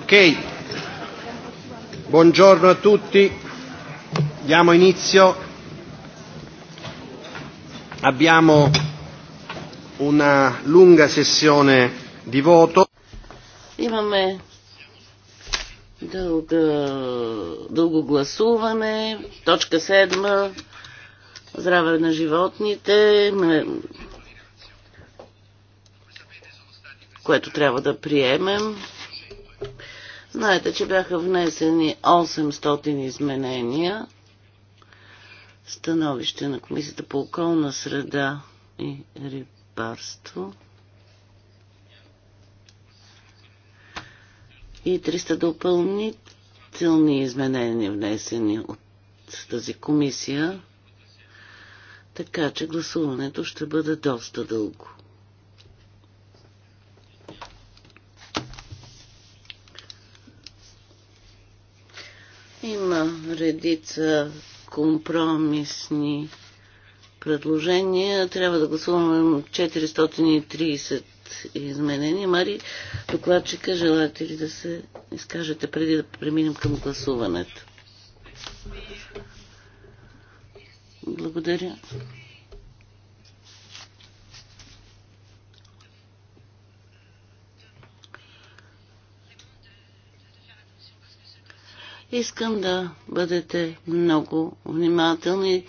Ok, buongiorno a tutti, diamo inizio. Abbiamo una lunga sessione di voto. Имаме дълга, дълго гласуване. Точка седма. Здраве на животните. Което трябва да приемем. Знаете, че бяха внесени 800 изменения. Становище на Комисията по околна среда и рибарство. И 300 допълнителни изменения внесени от тази комисия. Така че гласуването ще бъде доста дълго. Има редица компромисни предложения. Трябва да гласуваме 430 изменения. Мари, докладчика, желаете ли да се изкажете преди да преминем към гласуването? Благодаря. Искам да бъдете много внимателни.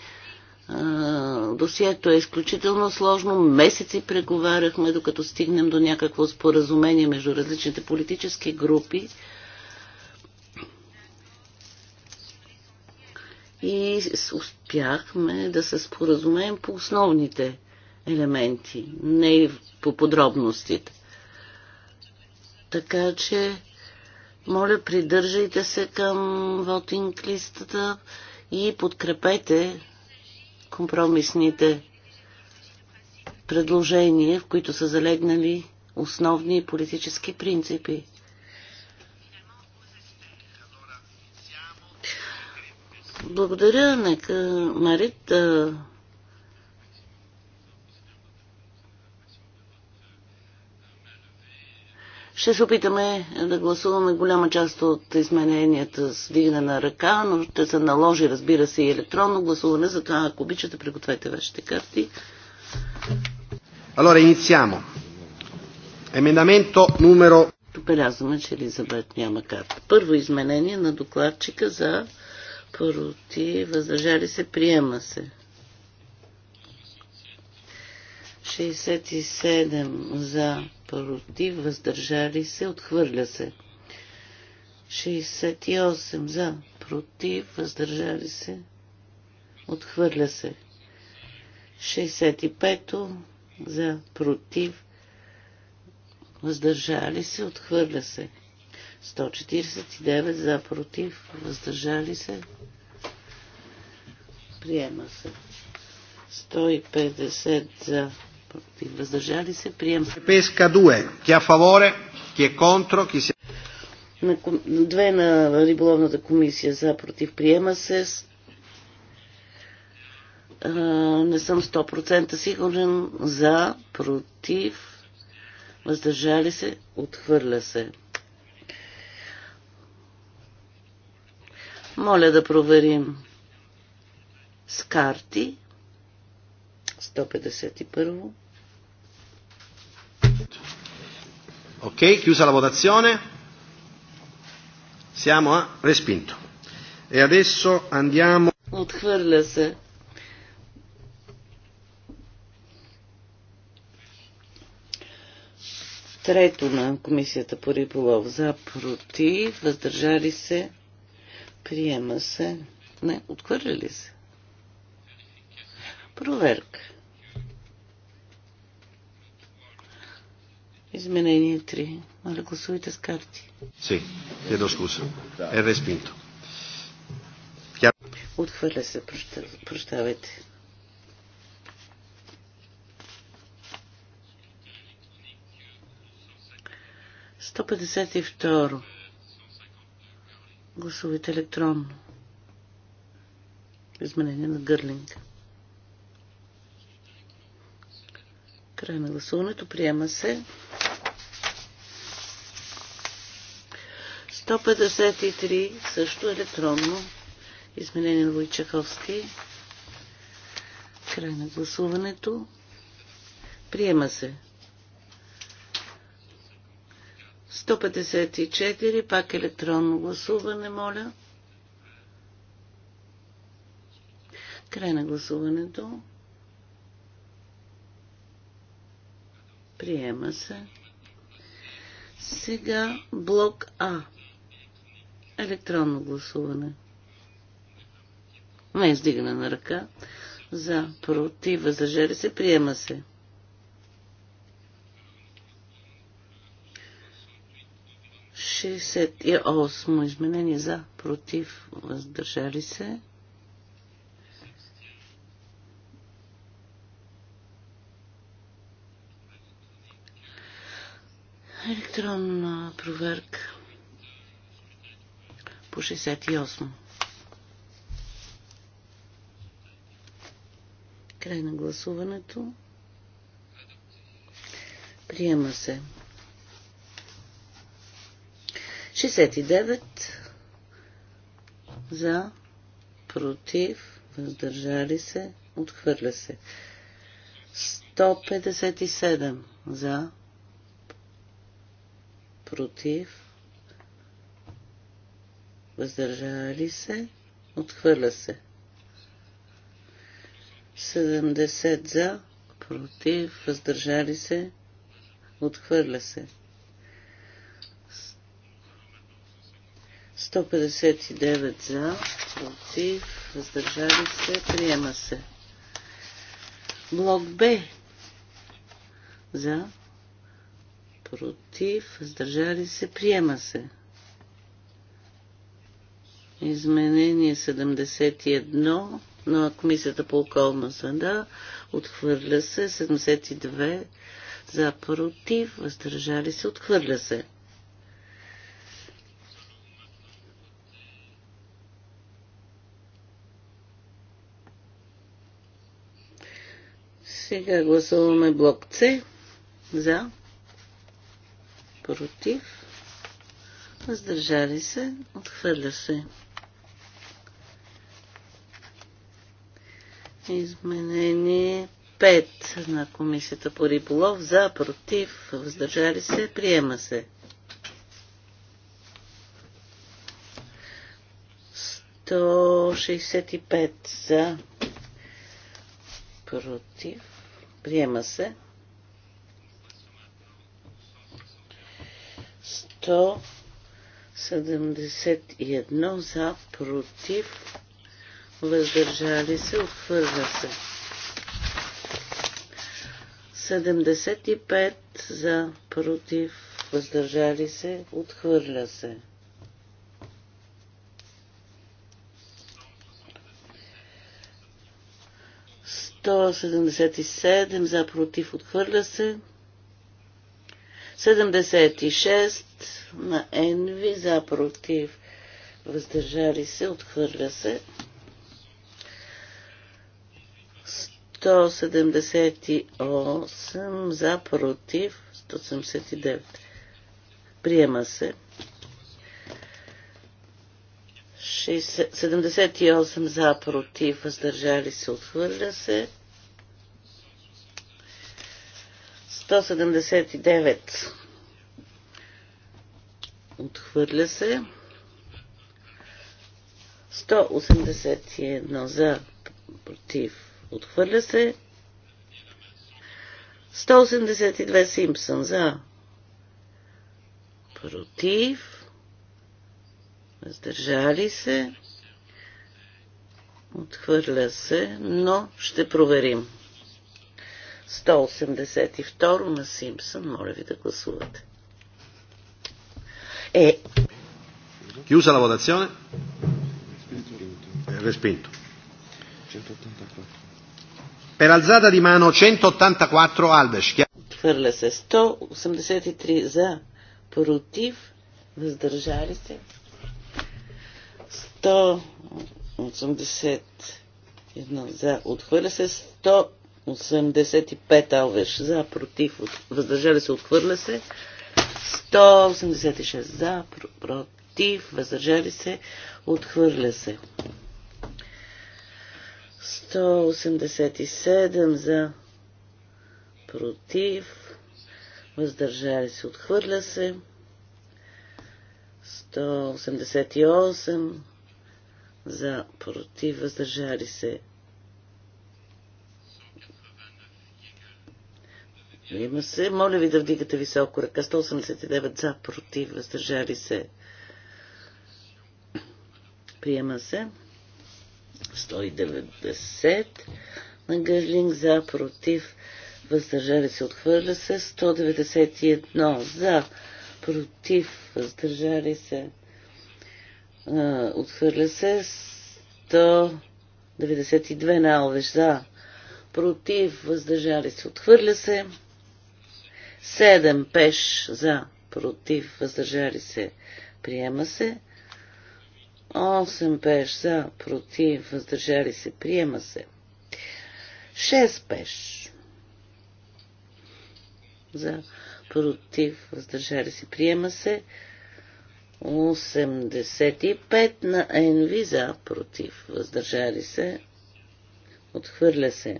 Досието е изключително сложно. Месеци преговаряхме, докато стигнем до някакво споразумение между различните политически групи. И успяхме да се споразумеем по основните елементи, не и по подробностите. Така че моля, придържайте се към вотинг листата и подкрепете компромисните предложения, в които са залегнали основни политически принципи. Благодаря, нека Марит да Ще се опитаме да гласуваме голяма част от измененията с вдигане на ръка, но ще се наложи, разбира се, и електронно гласуване, затова ако обичате, пригответе вашите карти. Allora, iniziamo. Емендаменто numero... Отбелязваме, че Елизабет няма карта. Първо изменение на докладчика за против, въздържали се, приема се. 67 за против, въздържали се, отхвърля се. 68 за, против, въздържали се, отхвърля се. 65 за, против, въздържали се, отхвърля се. 149 за, против, въздържали се, приема се. 150 за, против, въздържали се, прием се. Песка 2, Тя фаворе, тя контро, ки се... две на риболовната комисия за против приема се. А, не съм 100% сигурен за против въздържали се, отхвърля се. Моля да проверим с карти. 151. Ok, chiusa la votazione. Siamo a respinto. E adesso andiamo. Отхвърля се. Трето на Комисията по риболов за против, въздържали се, приема се. Не, отхвърля ли се? Проверка. Изменение 3. Моля, гласувайте с карти. Си, е до скуса. Е респинто. Отхвърля се, прощавайте. Сто петдесет и второ. Гласувайте електронно. Изменение на Гърлинг. Край на гласуването. Приема се. 153 също електронно. Изменение на Войчаковски. Край на гласуването. Приема се. 154, пак електронно гласуване, моля. Край на гласуването. Приема се. Сега блок А. Електронно гласуване. Не издигане на ръка. За, против, въздържали се, приема се. Шестдесет и осмо изменение за, против, въздържали се. Електронна проверка по 68. Край на гласуването. Приема се. 69 за, против, въздържали се, отхвърля се. 157 за, против, въздържали се, отхвърля се. 70 за, против, въздържали се, отхвърля се. 159 за, против, въздържали се, приема се. Блок Б за, против, въздържали се, приема се. Изменение 71 на Комисията по околна среда. Отхвърля се. 72 за против. Въздържали се. Отхвърля се. Сега гласуваме блок С. За. Против. Въздържали се. Отхвърля се. Изменение 5 на Комисията по риболов за, против, въздържали се, приема се. 165 за, против, приема се. 171 за, против, въздържали се, отхвърля се. 75 за, против, въздържали се, отхвърля се. 177 за, против, отхвърля се. 76 на Енви за, против, въздържали се, отхвърля се. 178 за против 179. Приема се. 78 за против, въздържали се, отхвърля се. 179 отхвърля се. 181 за против Отхвърля се. 182 Симпсън за. Против. Въздържали се. Отхвърля се, но ще проверим. 182 на Симпсън. Моля ви да гласувате. Е. Chiusa la votazione? Respinto. 184. Per alzata di mano 184 Албеш. Отхвърля се 183 за, против, въздържали се. 181 за, отхвърля се 185 Алвеш за, против, въздържали се, отхвърля се. 186 за, против, въздържали се, отхвърля се. 187 за против, въздържали се, отхвърля се. 188 за против, въздържали се. Има се. Моля ви да вдигате високо ръка. 189 за против, въздържали се. Приема се. 190 на Гъзлинг за, против, въздържали се, отхвърля се. 191 за, против, въздържали се, отхвърля се. 192 на Алвеш за, против, въздържали се, отхвърля се. 7 пеш за, против, въздържали се, приема се. 8 пеш за, против, въздържали се, приема се. 6 пеш за, против, въздържали се, приема се. 85 на НВ за, против, въздържали се, отхвърля се.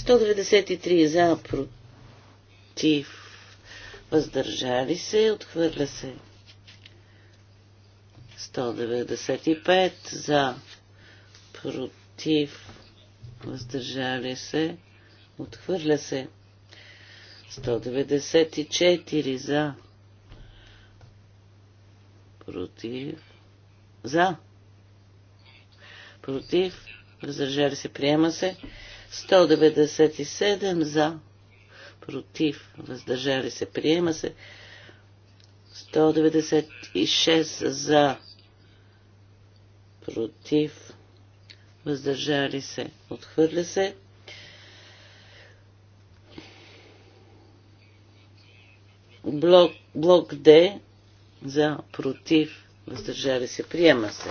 193 за, против, въздържали се, отхвърля се. 195 за, против, въздържали се, отхвърля се. 194 за, против, за, против, въздържали се, приема се. 197 за, против, въздържали се, приема се. 196 за, против, въздържали се, отхвърля се. Блок, блок Д за, против, въздържали се, приема се.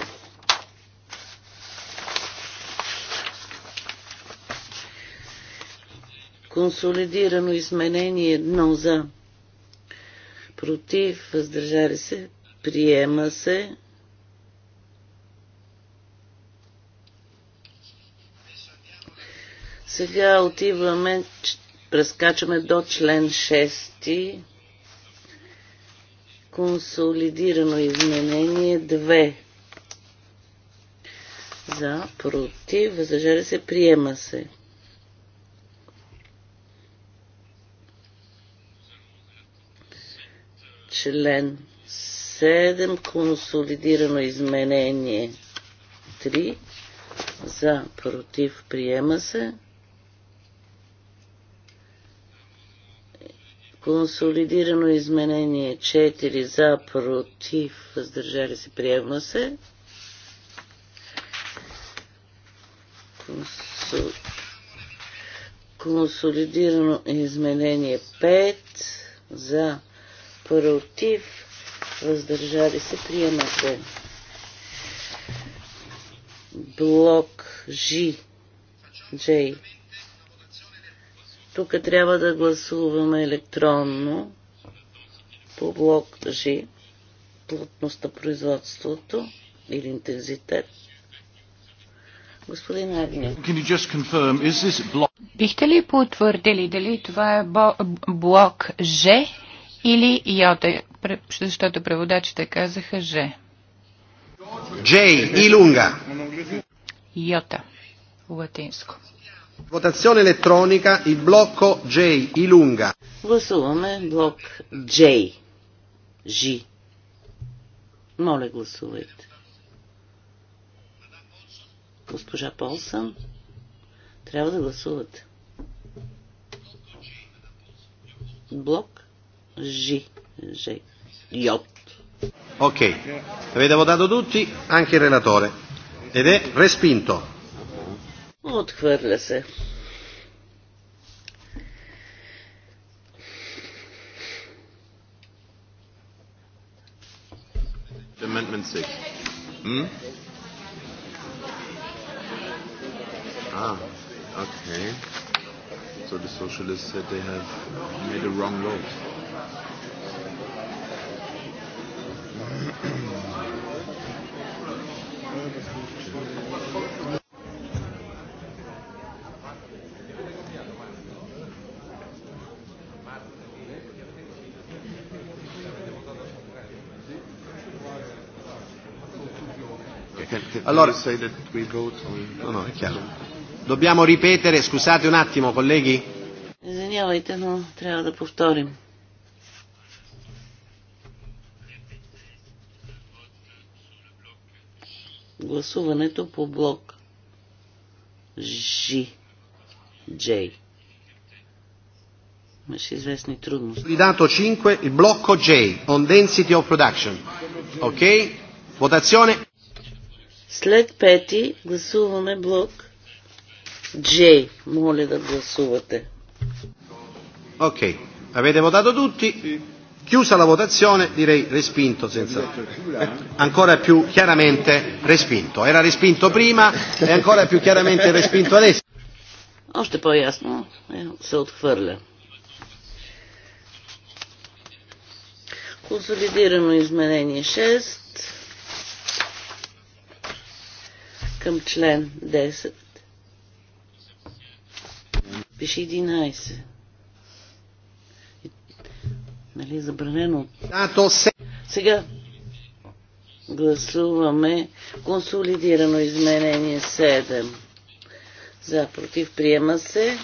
Консолидирано изменение едно за. Против, въздържали се, приема се. Сега отиваме, прескачаме до член 6. Консолидирано изменение 2. За, против, въздържали се, приема се. член 7, консолидирано изменение 3, за, против, приема се. Консолидирано изменение 4 за, против, въздържали се, приема се. Консолидирано изменение 5 за, против, против, въздържали се, приемате Блок G, J. Тук трябва да гласуваме електронно по блок G, плътност на производството или интензитет. Господин Агния. Бихте ли потвърдили дали това е блок Ж или йота, защото преводачите казаха Ж. Джей и лунга. Йота. Латинско. Votazione електроника и blocco J, и lunga. Гласуваме блок J. Ж. Моля, гласувайте. Госпожа Полсън, трябва да гласувате. Блок G, G J. Ok, avete votato tutti, anche il relatore, ed è respinto. Отхвърля Amendment 6. Hmm? Ah, okay. So the socialists said they have made a wrong vote. Allora, Dobbiamo ripetere, scusate un attimo, colleghi. Извинявайте, но трябва да повторим. гласуването по блок Жи Джей. Имаше известни трудности. Candidato 5, и блоко J, on density of production. Окей? Okay? Votazione. След пети гласуваме блок J. Моля да гласувате. Окей. Okay. Avete votato tutti? Sì. Chiusa la votazione direi respinto senza ancora più chiaramente respinto. Era respinto prima e ancora più chiaramente respinto adesso. Още по-ясно се отхвърля. Консолидирано изменение 6 към член 10. Пиши 11 нали, забранено. А, то се... Сега гласуваме консолидирано изменение 7. За, против, приема се.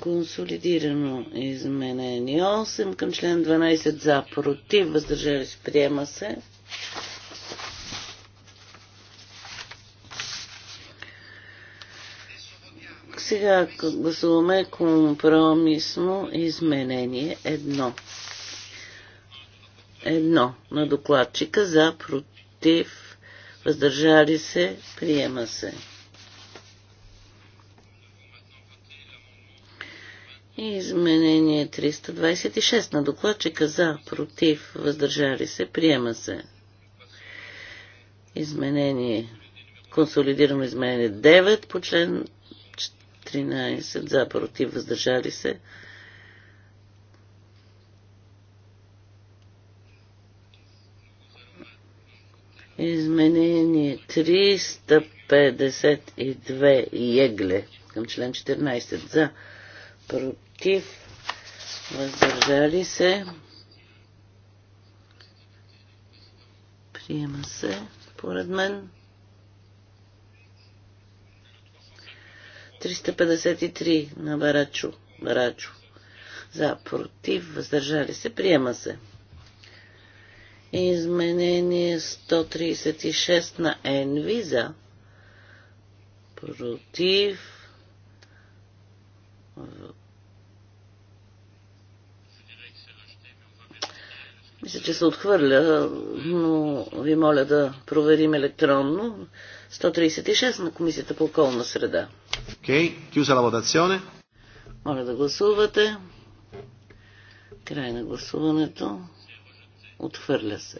Консолидирано изменение 8 към член 12 за, против, въздържали се, приема се. Сега гласуваме компромисно изменение едно. Едно на докладчика за против въздържали се, приема се. изменение 326 на докладчика за против въздържали се, приема се. Изменение Консолидирано изменение 9 по член 13 за, против, въздържали се. Изменение 352 Егле към член 14 за, против, въздържали се. Приема се, поред мен. 353 на Барачо. Барачо. За, против, въздържали се, приема се. Изменение 136 на Енви за, против, мисля, че се отхвърля, но ви моля да проверим електронно. 136 на Комисията по околна среда. Окей, кюза ла водационе. Моля да гласувате. Край на гласуването. Отхвърля се.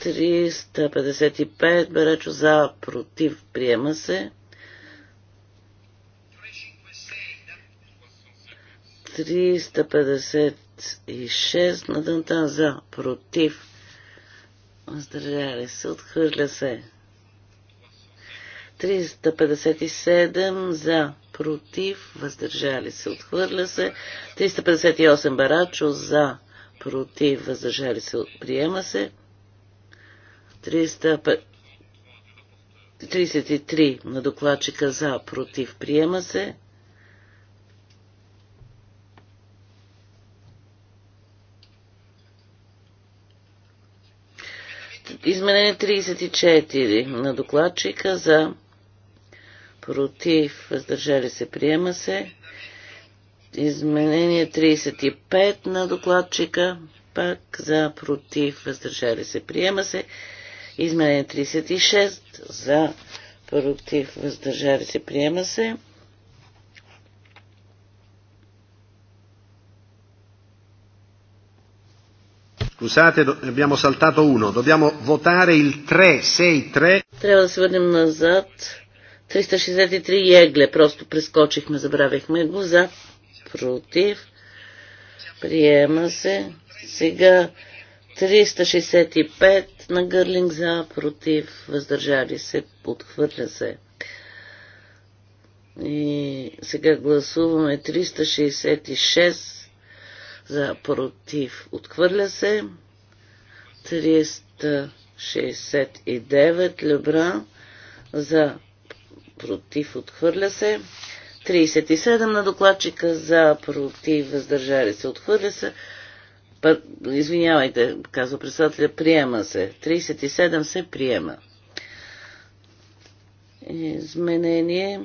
355 Беречо за, против, приема се. 356 на Дантан за, против, Въздържали се. Отхвърля се. 357 за. Против. Въздържали се. Отхвърля се. 358 Барачо за. Против. Въздържали се. Приема се. 33 на докладчика за. Против. Приема се. Изменение 34 на докладчика за против, въздържали се, приема се. Изменение 35 на докладчика пак за против, въздържали се, приема се. Изменение 36 за против, въздържали се, приема се. Scusate, abbiamo saltato uno. Dobbiamo votare il 363. Трябва да се върнем назад. 363 егле. Просто прескочихме, забравихме го. За, против. Приема се. Сега 365 на Гърлинг за, против, въздържали се, отхвърля се. И сега гласуваме 366 за против отхвърля се. 369 Лебра за против отхвърля се. 37 на докладчика за против въздържали се отхвърля се. Извинявайте, казва председателя, приема се. 37 се приема. Изменение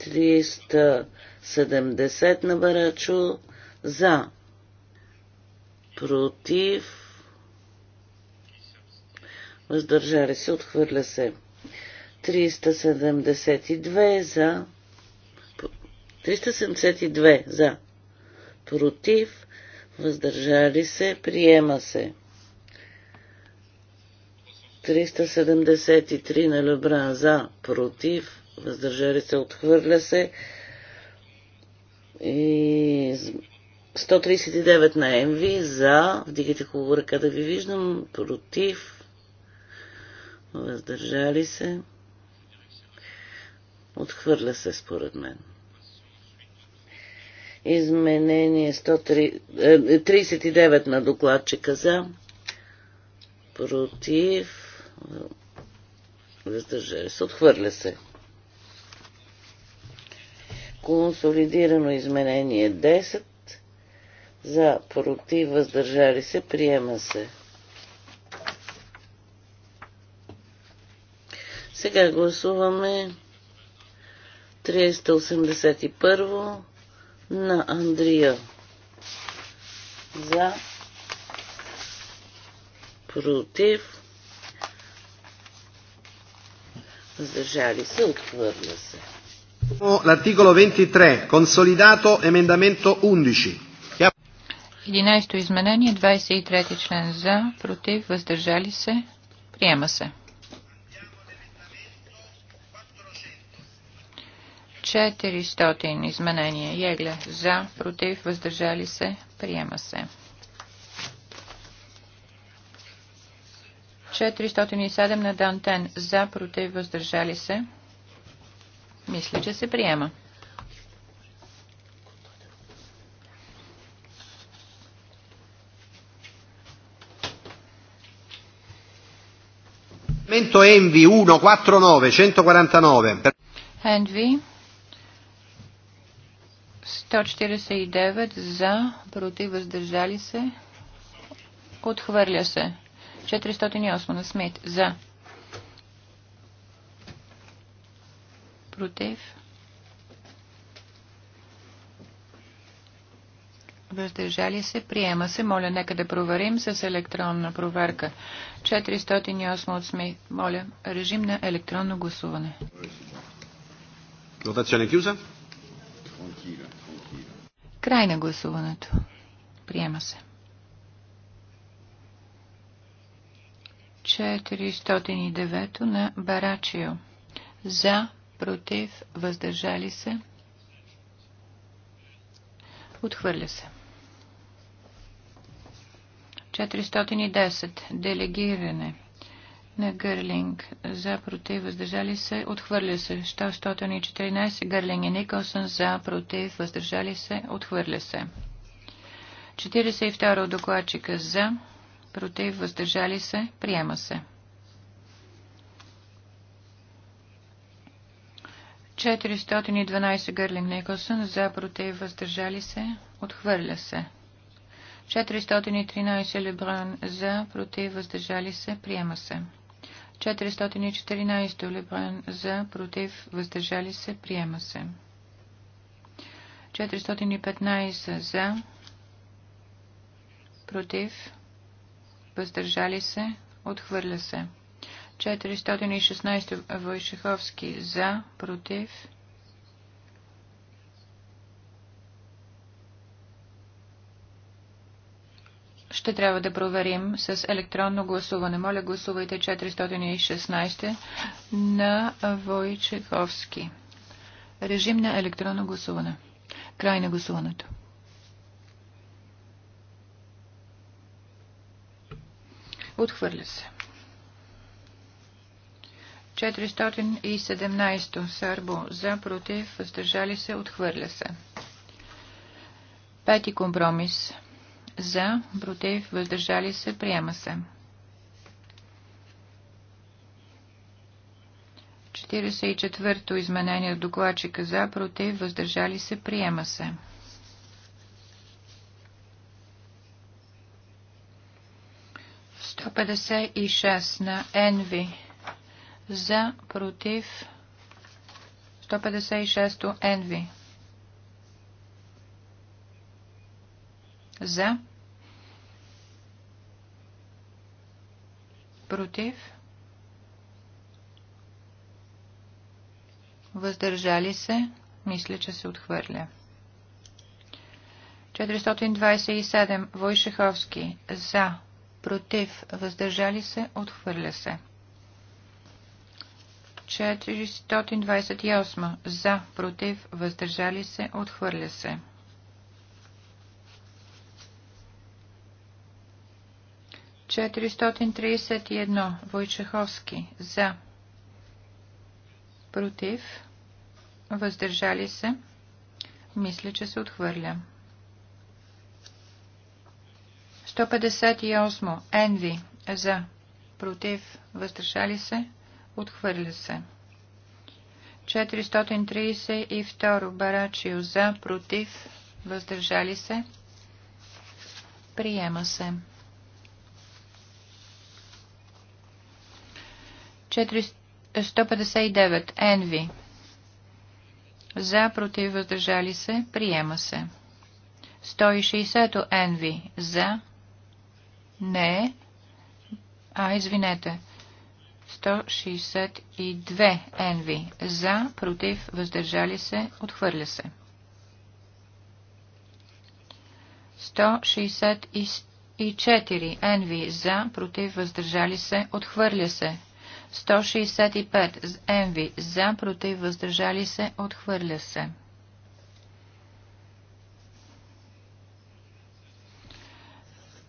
370 на Барачо за против, въздържали се, отхвърля се. 372 за 372 за против, въздържали се, приема се. 373 на Лебра за против, въздържали се, отхвърля се. И 139 на МВ за. Вдигайте хубаво ръка да ви виждам. Против. Въздържали се. Отхвърля се според мен. Изменение 139 39 е, е, на докладчика за. Против. Въздържали се. Отхвърля се. Консолидирано изменение 10 за против въздържали се приема се. Сега гласуваме 381 на Андрия за против въздържали се отхвърля се. L'articolo 23, consolidato emendamento 11. 11 изменение, 23 член за, против, въздържали се, приема се. 400 изменение, Егле за, против, въздържали се, приема се. 407 на Дантен за, против, въздържали се. Мисля, че се приема. 100 Envi 149 149 Envi 149 за, против, въздържали се. Отхвърля се. 408 на Смит за. Против. Въздържали се. Приема се. Моля, нека да проверим с електронна проверка. 408 от СМИ. Моля, режим на електронно гласуване. Край на гласуването. Приема се. 409 на Барачио. За, против, въздържали се. Отхвърля се. 410. Делегиране на Гърлинг. За, против, въздържали се, отхвърля се. 614. Гърлинг и Николсън. За, против, въздържали се, отхвърля се. 42. Докладчика. За, против, въздържали се, приема се. 412 Гърлинг Николсън. За, против, въздържали се, отхвърля се. 413 Лебран за, против, въздържали се, приема се. 414 Лебран за, против, въздържали се, приема се. 415 за, против, въздържали се, отхвърля се. 416 Войшеховски за, против, ще трябва да проверим с електронно гласуване. Моля, гласувайте 416 на Войчеховски. Режим на електронно гласуване. Край на гласуването. Отхвърля се. 417 Сърбо за, против, въздържали се, отхвърля се. Пети компромис за, против, въздържали се, приема се. 44-то изменение в докладчика за, против, въздържали се, приема се. 156 и на Енви за, против, 156-то Енви. За. Против. Въздържали се. Мисля, че се отхвърля. 427. Войшеховски. За. Против. Въздържали се. Отхвърля се. 428. За. Против. Въздържали се. Отхвърля се. 431. Войчеховски. За. Против. Въздържали се. Мисля, че се отхвърля. 158. Енви. За. Против. Въздържали се. Отхвърля се. 432. Барачио. За. Против. Въздържали се. Приема се. 159. Енви. За, против, въздържали се. Приема се. 160. Енви. За. Не. А, извинете. 162. Енви. За, против, въздържали се. Отхвърля се. 164. Енви. За, против, въздържали се. Отхвърля се. 165. Енви. За, против, въздържали се, отхвърля се.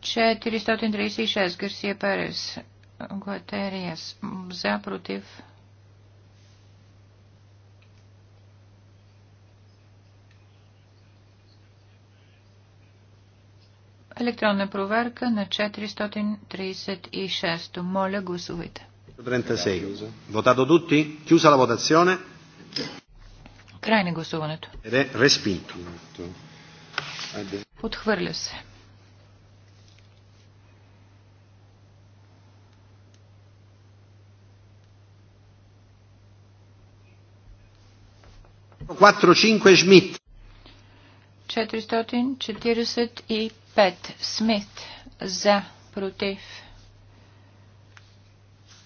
Четиристотин Гарсия Перес. Гуатериас. За, против. Електронна проверка на 436. Моля, гласувайте. 136. Votato tutti? Chiusa la votazione. Крайне гласуването. Отхвърля се. Шмидт. 445 Смит за против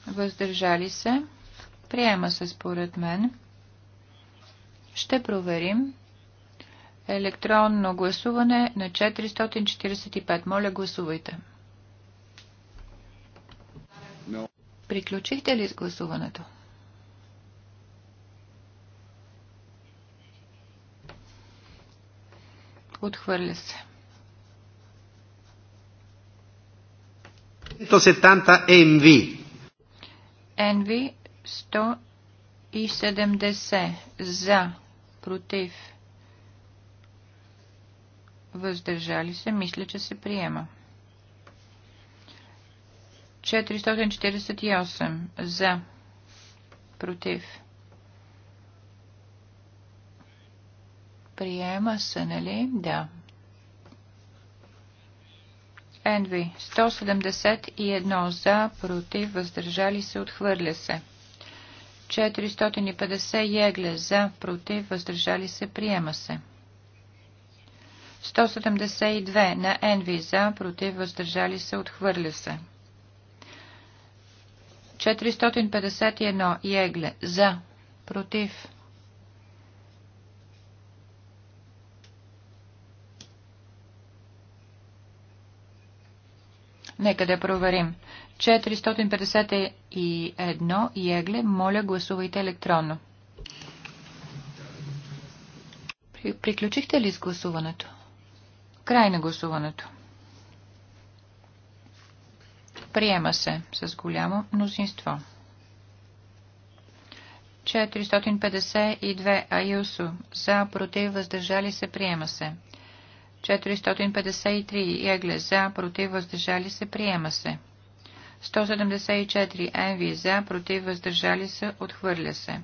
въздържали се, приема се според мен. Ще проверим. Електронно гласуване на 445. Моля, гласувайте. Приключихте ли с гласуването? Отхвърля се. 170 MV. Енви 170 за, против, въздържали се, мисля, че се приема. 448 за, против. Приема се, нали? Да. Енви 171 за, против, въздържали се, отхвърля се. 450 егле за, против, въздържали се, приема се. 172 на Енви за, против, въздържали се, отхвърля се. 451 егле за, против, Нека да проверим. 451 Егле. Моля, гласувайте електронно. Приключихте ли с гласуването? Край на гласуването. Приема се с голямо мнозинство. 452 Аюсо. За, против, въздържали се, приема се. 453 Егле за, против, въздържали се, приема се. 174 Енви за, против, въздържали се, отхвърля се.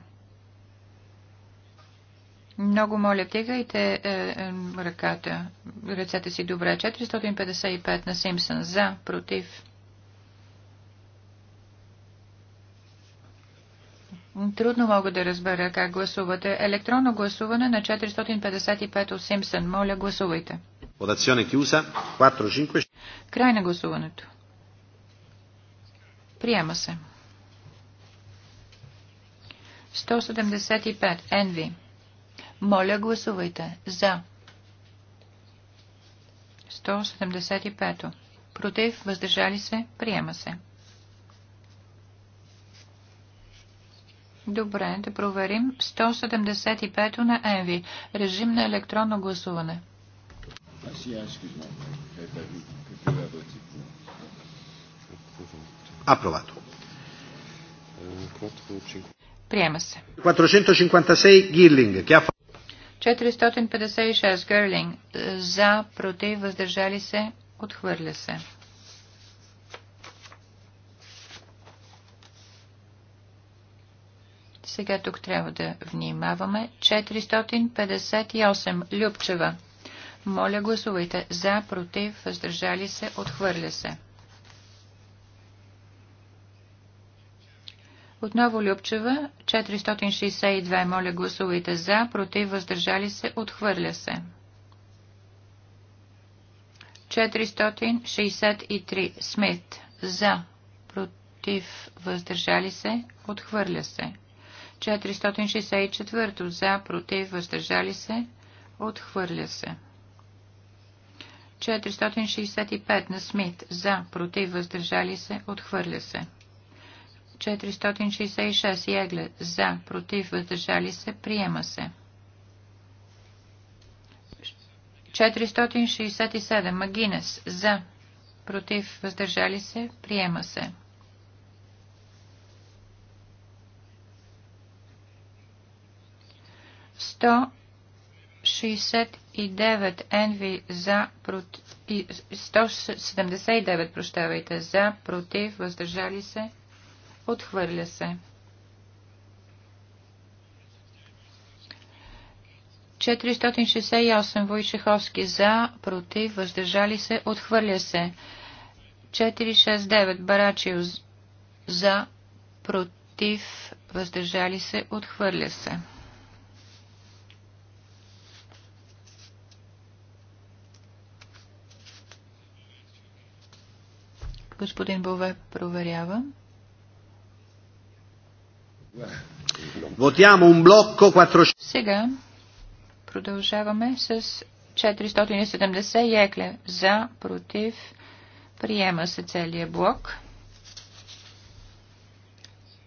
Много моля, тигайте е, е, ръката, ръцете си добре. 455 на Симпсън за, против, Трудно мога да разбера как гласувате. Електронно гласуване на 455 от Симпсън. Моля, гласувайте. Votazione chiusa. 4-5. Край на гласуването. Приема се. 175. Енви. Моля, гласувайте. За. 175. Против, въздържали се, приема се. Добре, да проверим 175 на Енви. Режим на електронно гласуване. Апровато. Приема се. 456 Гирлинг. 456 Гирлинг. За, против, въздържали се, отхвърля се. Сега тук трябва да внимаваме. 458. Любчева. Моля, гласувайте. За, против, въздържали се, отхвърля се. Отново Любчева, 462. Моля, гласувайте за, против, въздържали се, отхвърля се. 463. Смит. За, против, въздържали се, отхвърля се. 464 за, против, въздържали се, отхвърля се. 465 на Смит за, против, въздържали се, отхвърля се. 466 Ягле за, против, въздържали се, приема се. 467 Магинес за, против, въздържали се, приема се. 169 енви за против. 179, прощавайте, за, против, въздържали се, отхвърля се. 468 Войшеховски за, против, въздържали се, отхвърля се. 469 Барачио за, против, въздържали се, отхвърля се. Господин Бове проверява. Votiamo un blocco 400. Сега продължаваме с 470 екле. За, против, приема се целият блок.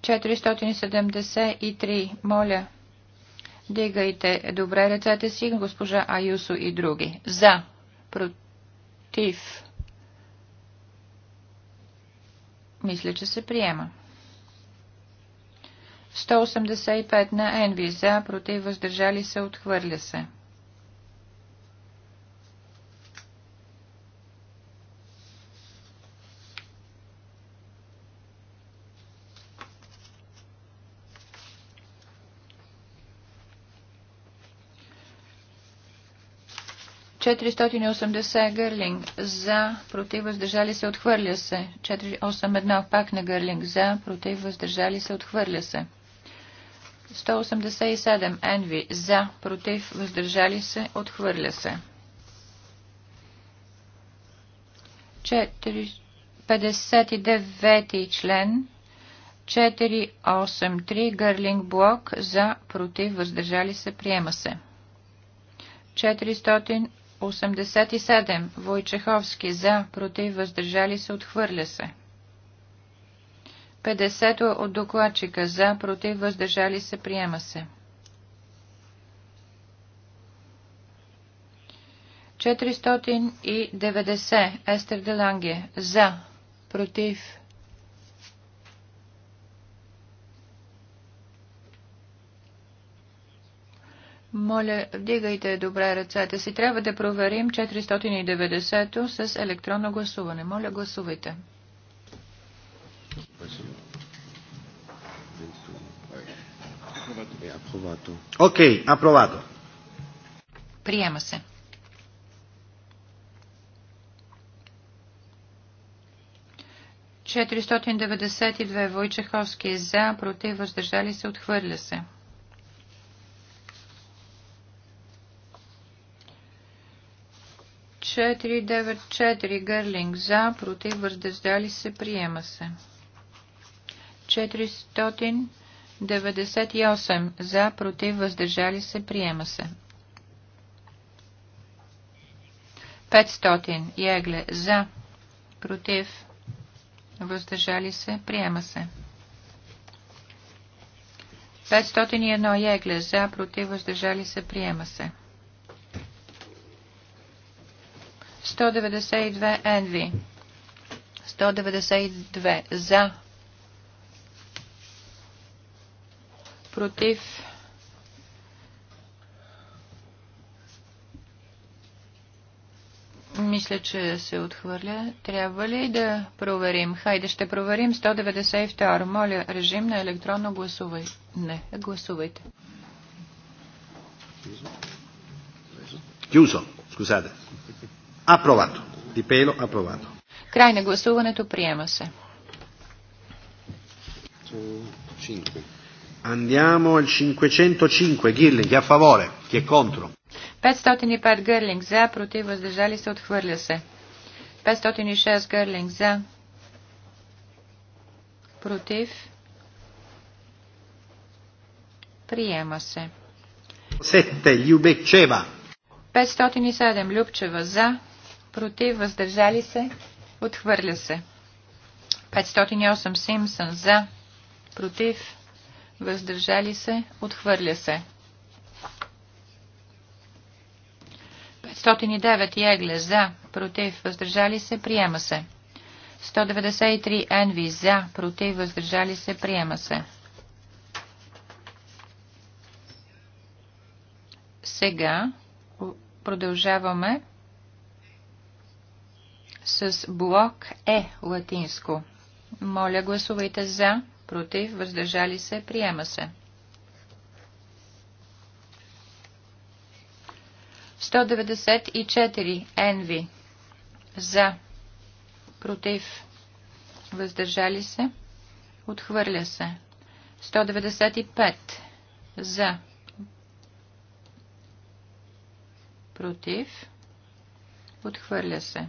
473. Моля, дигайте добре ръцете си, госпожа Аюсо и други. За, против, Мисля, че се приема. 185 на Енви за, против въздържали се, отхвърля се. 480 Гърлинг за, против, въздържали се, отхвърля се. 481 пак на Гърлинг за, против, въздържали се, отхвърля се. 187 Енви за, против, въздържали се, отхвърля се. 459 член 483 Гърлинг блок за, против, въздържали се, приема се. 87. Войчеховски за, против, въздържали се, отхвърля се. 50 от докладчика за, против, въздържали се, приема се. 490 Естер Деланге за, против, Моля, вдигайте добре ръцете си. Трябва да проверим 490-то с електронно гласуване. Моля, гласувайте. Окей, okay, апровато. Приема се. Четиристотин Войчеховски е за, против, въздържали се, отхвърля се. 494 Гърлинг за, против, въздържали се, приема се. 498 за, против, въздържали се, приема се. 500 Ягле за, против, въздържали се, приема се. 501 Ягле за, против, въздържали се, приема се. 192 Енви. 192 за. Против. Мисля, че се отхвърля. Трябва ли да проверим? Хайде, ще проверим 192. Моля, режим на електронно гласуване. Не, гласувайте. Chiuso, scusate. Апровато. Дипейло, апровато. Край на гласуването приема се. Andiamo al 505 Gilling, a favore, chi è contro? 505 Гърлинг за, против, въздържали се, отхвърля се. 506 Гърлинг за, против, приема се. 7 507 Любчева за, против, въздържали се, отхвърля се. 508 Симпсън за, против, въздържали се, отхвърля се. 509 Ягле за, против, въздържали се, приема се. 193 Енви за, против, въздържали се, приема се. Сега продължаваме с блок Е латинско. Моля, гласувайте за, против, въздържали се, приема се. 194 Енви. За. Против. Въздържали се. Отхвърля се. 195. За. Против. Отхвърля се.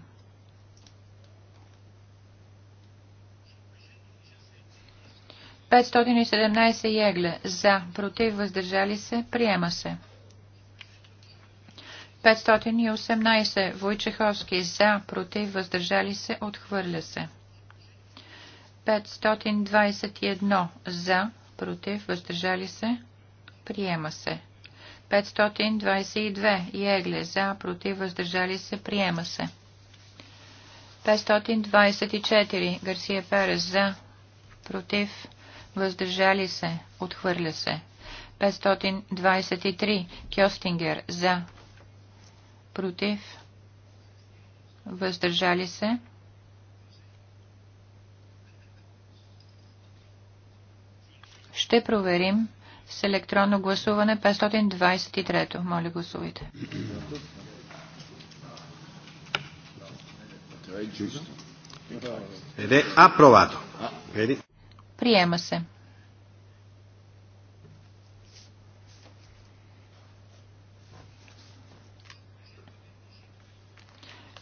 517 Егле. За. Против. Въздържали се. Приема се. 518 Войчеховски. За. Против. Въздържали се. Отхвърля се. 521 за, против, въздържали се, приема се. 522 Егле за, против, въздържали се, приема се. 524 Гарсия Перес за, против, въздържали се, отхвърля се. 523. Кьостингер за. Против. Въздържали се. Ще проверим с електронно гласуване 523. Моля гласувайте. Ed è approvato. Vedi? Приема се.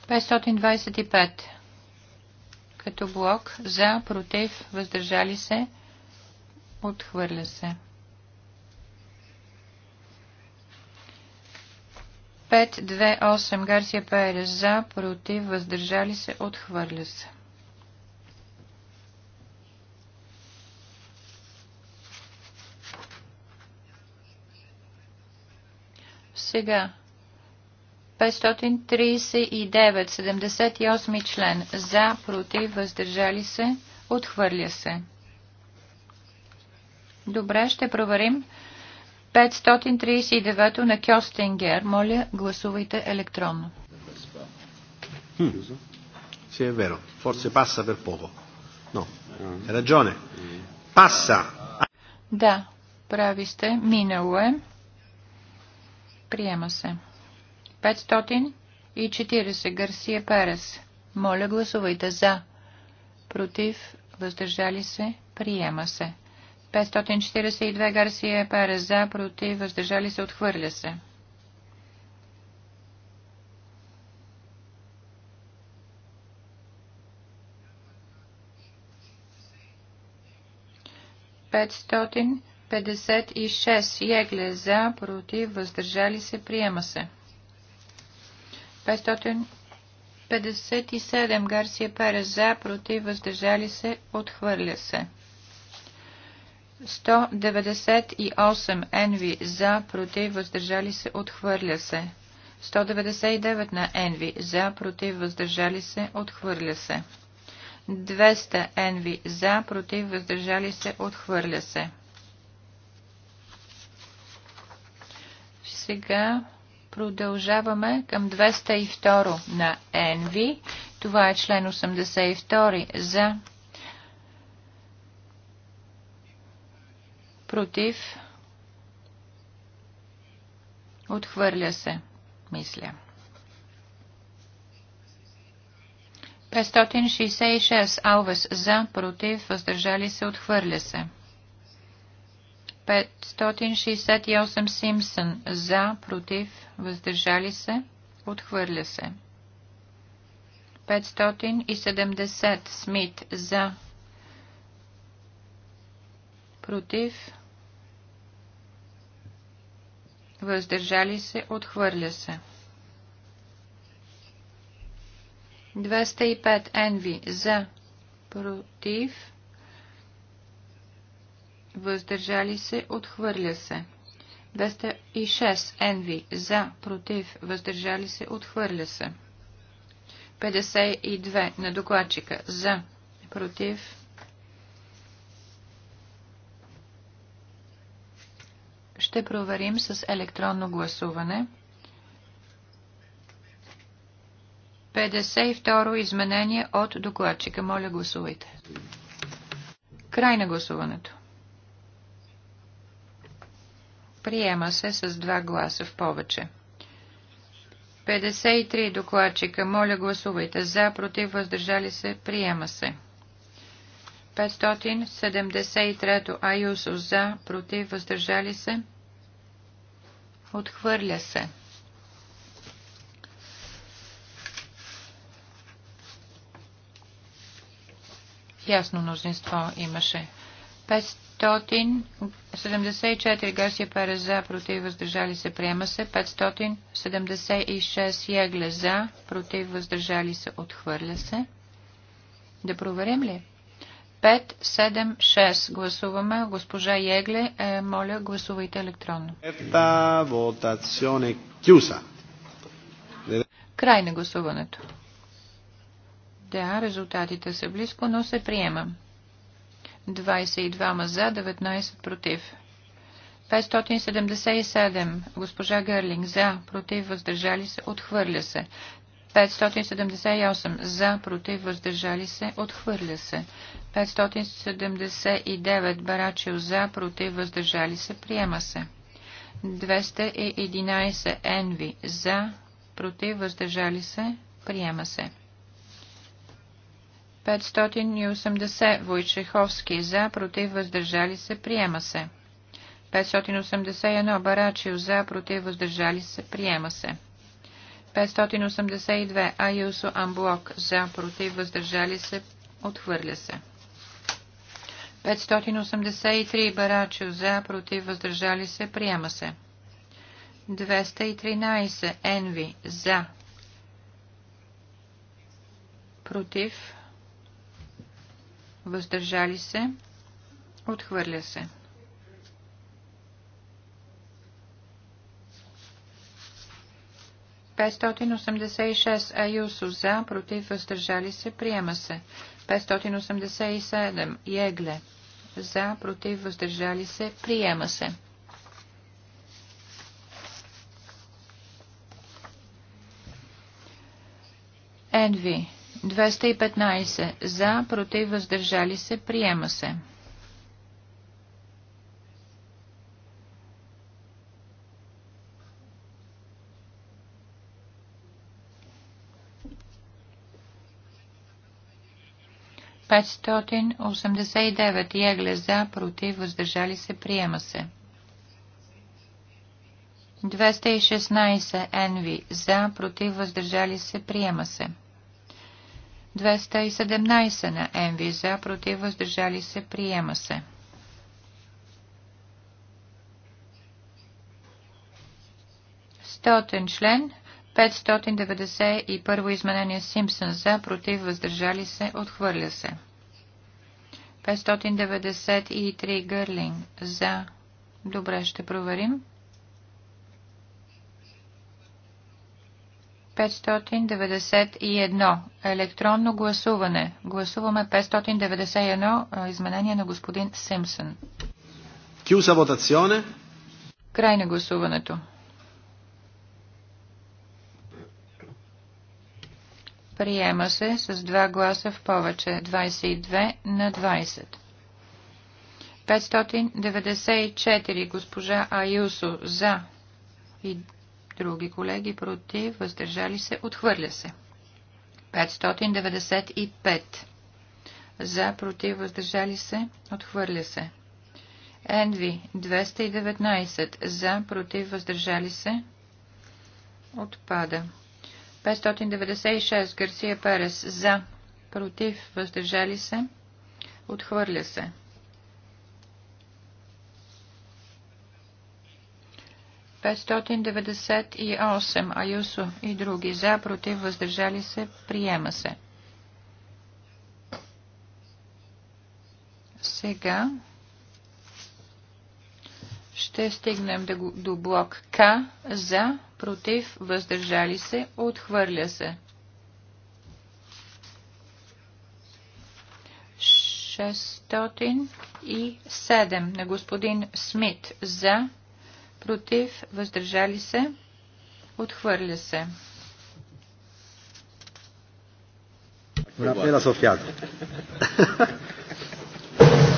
Петстотин Като блок за, против, въздържали се, отхвърля се. 528 Гарсия Перес за, против, въздържали се, отхвърля се. Сега. 539, 78 член. За, против, въздържали се, отхвърля се. Добре, ще проверим. 539 на Кьостенгер. Моля, гласувайте електронно. Си е веро. Форце паса пер пого. Но, hai е Паса. Да, прави сте. Минало е. Приема се. 540 Гарсия Перес. Моля гласувайте за. Против. Въздържали се. Приема се. 542 Гарсия Перес за. Против. Въздържали се. Отхвърля се. Петстотин 56. Егле за, против, въздържали се, приема се. 557. Гарсия Перес за, против, въздържали се, отхвърля се. 198. Енви за, против, въздържали се, отхвърля се. 199 на Енви за, против, въздържали се, отхвърля се. 200 Енви за, против, въздържали се, отхвърля се. Сега продължаваме към 202 на Енви. Това е член 82 за против отхвърля се, мисля. 566 Алвес за, против, въздържали се, отхвърля се. 568 Симпсън за, против, въздържали се, отхвърля се. 570 Смит за, против, въздържали се, отхвърля се. 205 Енви за, против, въздържали се, отхвърля се. 206 Енви за, против, въздържали се, отхвърля се. 52 на докладчика за, против. Ще проверим с електронно гласуване. 52 изменение от докладчика. Моля гласувайте. Край на гласуването. Приема се с два гласа в повече. 53 докладчика. Моля гласувайте за, против, въздържали се. Приема се. 573 Аюсо за, против, въздържали се. Отхвърля се. Ясно мнозинство имаше. 574 Гарсия Перес за, против, въздържали се, приема се. 576 Ягле за, против, въздържали се, отхвърля се. Да проверим ли? 576. Гласуваме. Госпожа Егле, е, моля, гласувайте електронно. Ета вотационе кюса. Край на гласуването. Да, резултатите са близко, но се приема. 22 за, 19 против. 577. Госпожа Гърлинг. За. Против. Въздържали се. Отхвърля се. 578. За. Против. Въздържали се. Отхвърля се. 579. Барачил. За. Против. Въздържали се. Приема се. 211. Енви. За. Против. Въздържали се. Приема се. 580 Войчеховски за, против въздържали се, приема се. 581 Барачио за, против въздържали се, приема се. 582 Аюсо Амблок за, против въздържали се, отхвърля се. 583 Барачио за, против въздържали се, приема се. 213 Енви за, против въздържали се, отхвърля се. Петстотин Аюсо за, против, въздържали се, приема се. 587 Егле за, против, въздържали се, приема се. Енви 215 за, против, въздържали се, приема се. Петстотин осемдесет ягле за, против, въздържали се, приема се. 216 енви за, против, въздържали се, приема се. 217 на МВ за, против, въздържали се, приема се. Стотен член 591 изменение Симпсън за, против, въздържали се, отхвърля се. 593 Гърлинг за. Добре, ще проверим. 591. Електронно гласуване. Гласуваме 591. Изменение на господин Симпсън. Кюса вотационе. Край на гласуването. Приема се с два гласа в повече. 22 на 20. 594. Госпожа Аюсо за и други колеги против, въздържали се, отхвърля се. 595 за, против, въздържали се, отхвърля се. Енви 219 за, против, въздържали се, отпада. 596 Гарсия Перес за, против, въздържали се, отхвърля се. 598 Аюсо и други за, против, въздържали се, приема се. Сега ще стигнем до блок К за, против, въздържали се, отхвърля се. 607 на господин Смит за, против, въздържали се, отхвърля се. Me la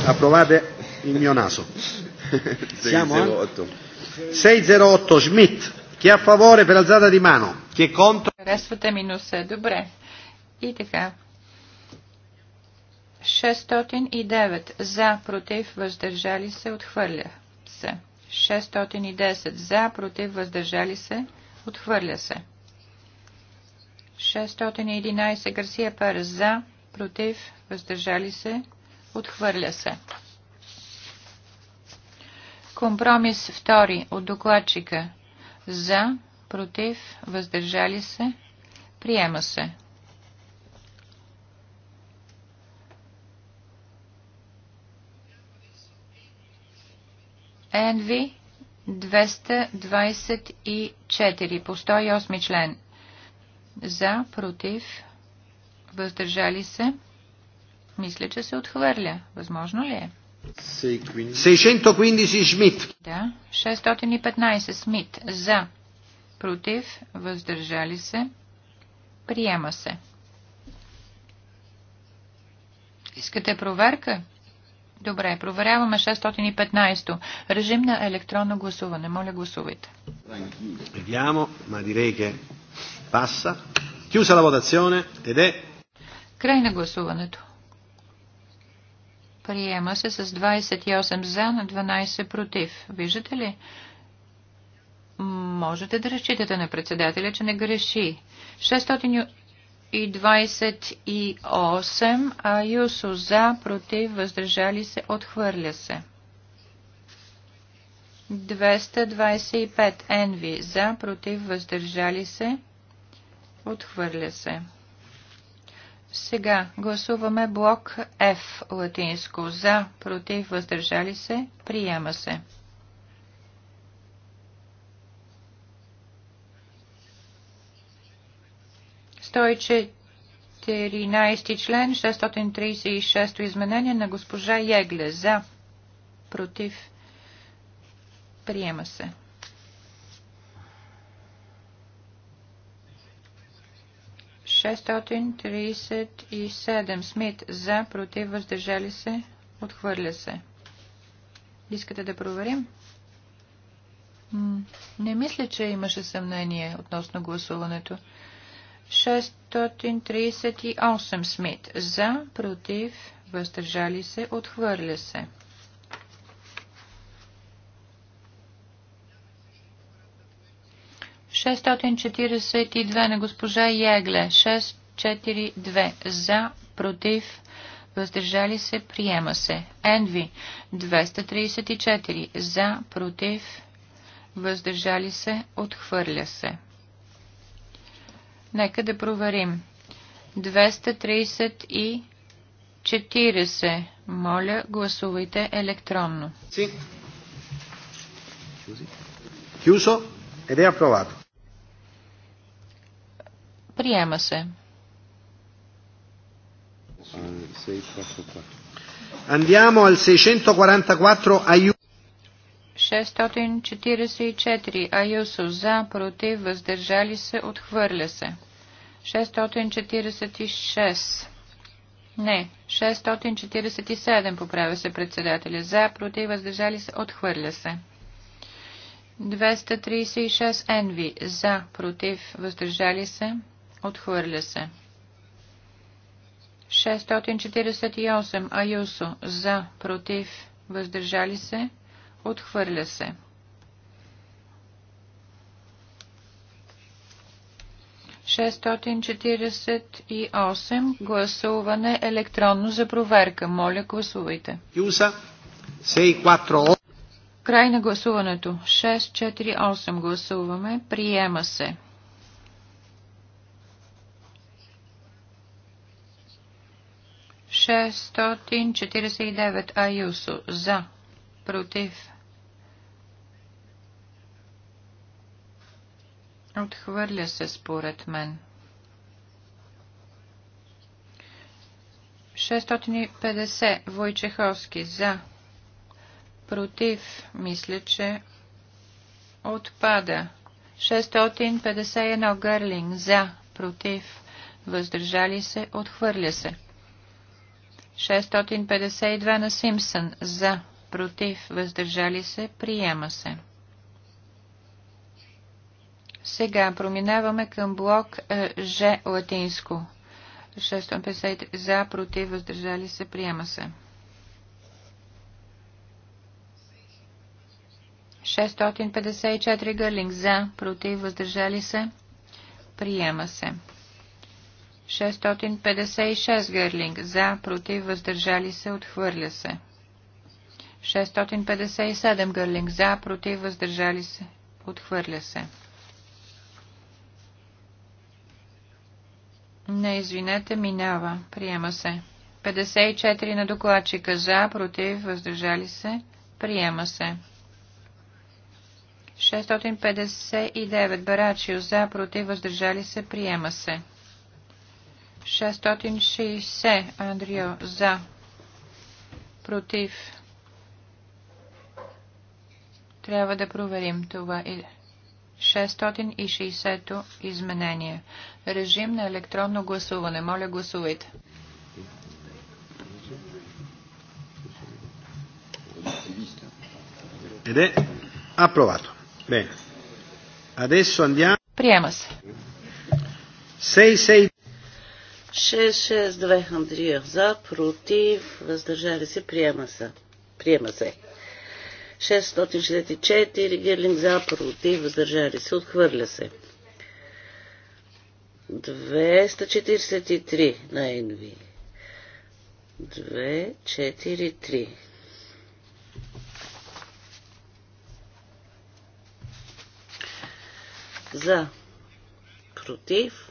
Апровате и il mio 608. Шмидт. Ке Chi фаворе a favore ди мано. Ке контро... Chi è Харесвате минус. Добре. И така. 609 за, против, въздържали се, отхвърля се. 610 за, против, въздържали се, отхвърля се. 611 Гарсия Перес за, против, въздържали се, отхвърля се. Компромис втори от докладчика за, против, въздържали се, приема се. Енви 224 по 108 член. За, против, въздържали се. Мисля, че се отхвърля. Възможно ли е? 615 Шмидт. Да, 615 Смит. За, против, въздържали се. Приема се. Искате проверка? Добре, проверяваме 615. Режим на електронно гласуване. Моля, гласувайте. Vediamo, ma direi che passa. Chiusa la votazione ed è... Край на гласуването. Приема се с 28 за на 12 против. Виждате ли? Можете да разчитате на председателя, че не греши. 600 и 28, а Юсо за, против, въздържали се, отхвърля се. 225 Енви за, против, въздържали се, отхвърля се. Сега гласуваме блок F латинско за, против, въздържали се, приема се. 114 член, 636 изменение на госпожа Егле. За. Против. Приема се. Шестотин Смит за, против, въздържали се, отхвърля се. Искате да проверим? Не мисля, че имаше съмнение относно гласуването. 638 Смит. За, против, въздържали се, отхвърля се. 642 на госпожа Ягле. 642 за, против, въздържали се, приема се. Енви 234 за, против, въздържали се, отхвърля се. Нека да проверим. 230 и 40. Моля, гласувайте електронно. Си. Chiuso ed è approvato. Приема се. Andiamo al 644 aiuto. 644. Аюсо за, против, въздържали се, отхвърля се. 646. Не, 647 поправя се председателя. За, против, въздържали се, отхвърля се. 236 Енви. За, против, въздържали се, отхвърля се. 648 Аюсо. За, против, въздържали се, Отхвърля се. Шестстотин гласуване електронно за проверка. Моля, гласувайте. Юса, 648. Край на гласуването. 648 гласуваме. Приема се. Шестотин Аюсо. За против, отхвърля се според мен. 650 Войчеховски за, против, мисля, че отпада. 651 Гърлинг за, против, въздържали се, отхвърля се. 652 на Симпсън за, против, въздържали се, приема се. Сега проминаваме към блок е, Ж латинско. 650 за, против, въздържали се, приема се. 654 гърлинг за, против, въздържали се, приема се. 656 гърлинг за, против, въздържали се, отхвърля се. 657 гърлинг за, против, въздържали се, отхвърля се. Не, извинете, минава. Приема се. 54 на докладчика за, против, въздържали се. Приема се. 659 Барачио за, против, въздържали се. Приема се. 660 Андрио за, против, трябва да проверим това. 660-то изменение. Режим на електронно гласуване. Моля, гласувайте. Ed è approvato. Bene. Adesso andiamo. Приема се. 662 Андрия за, против, въздържали се, приема се. Приема се. 664 Герлинг за, против, въздържали се, отхвърля се. 243 на NV. 243. За. Против.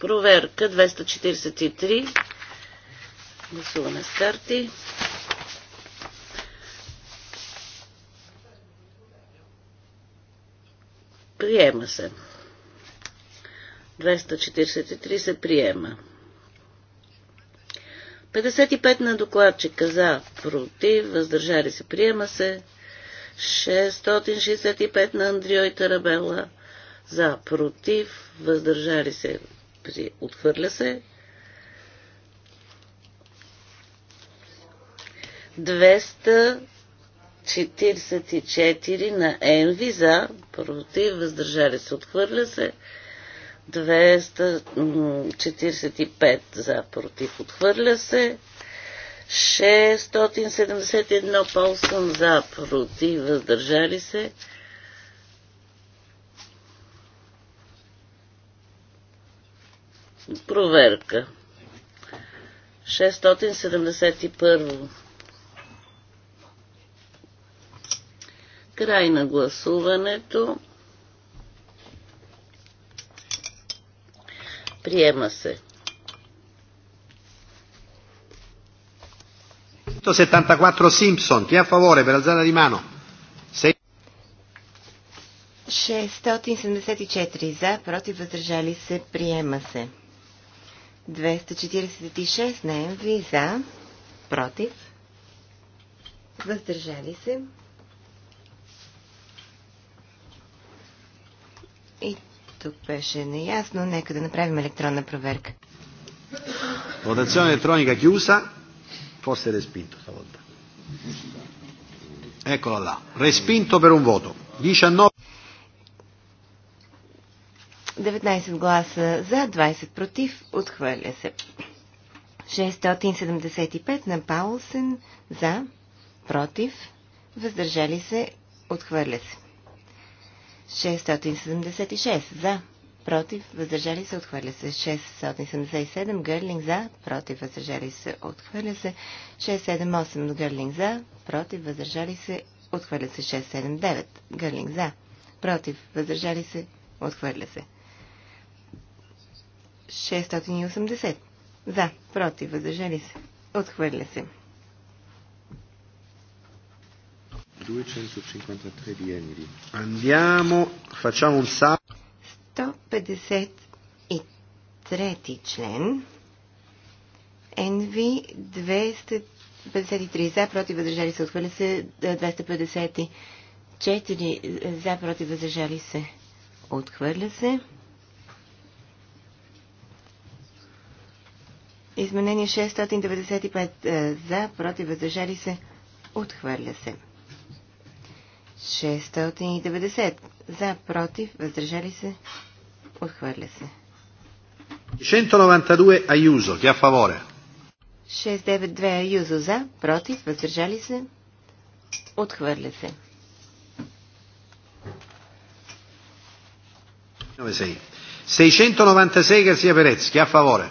Проверка 243. Гласуване с карти. Приема се. 243 се приема. 55 на докладчика за, против, въздържали се, приема се. 665 на Андрио и Тарабела за, против, въздържали се, при... отхвърля се. 200 44 на Енви за, против, въздържали се, отхвърля се. 245 за, против, отхвърля се. 671 Полсън за, против, въздържали се. Проверка. 671. Край на гласуването. Приема се. 174 Simpson, ти a favore per alzata di mano? 674 за, против въздържали се, приема се. 246 на МВ за, против, въздържали се, И тук беше неясно. Нека да направим електронна проверка. Votazione elettronica chiusa, forse respinto stavolta. Eccola là, respinto per un voto. 19... 19 гласа за, 20 против, отхвърля се. 675 на Паулсен за, против, въздържали се, отхвърля се. 676 за, против, въздържали се, отхвърля се. 677 гърлинг за, против, въздържали се, отхвърля се. 678 гърлинг за, против, въздържали се, отхвърля се. 679 гърлинг за, против, въздържали се, отхвърля се. 680 за, против, въздържали се, отхвърля се. 253 Andiamo, facciamo un salto. 153 член. Енви, 253 за, против, въздържали се, отхвърля се 254 за, против, въздържали се, отхвърля се. Изменение 695 за, против, въздържали се, отхвърля се. 690. За, против, въздържали се, отхвърля се. 192 Аюзо, тя е фаворе. 692 Аюзо за, против, въздържали се, отхвърля се. 696 Гарсия Перец, тя е фаворе.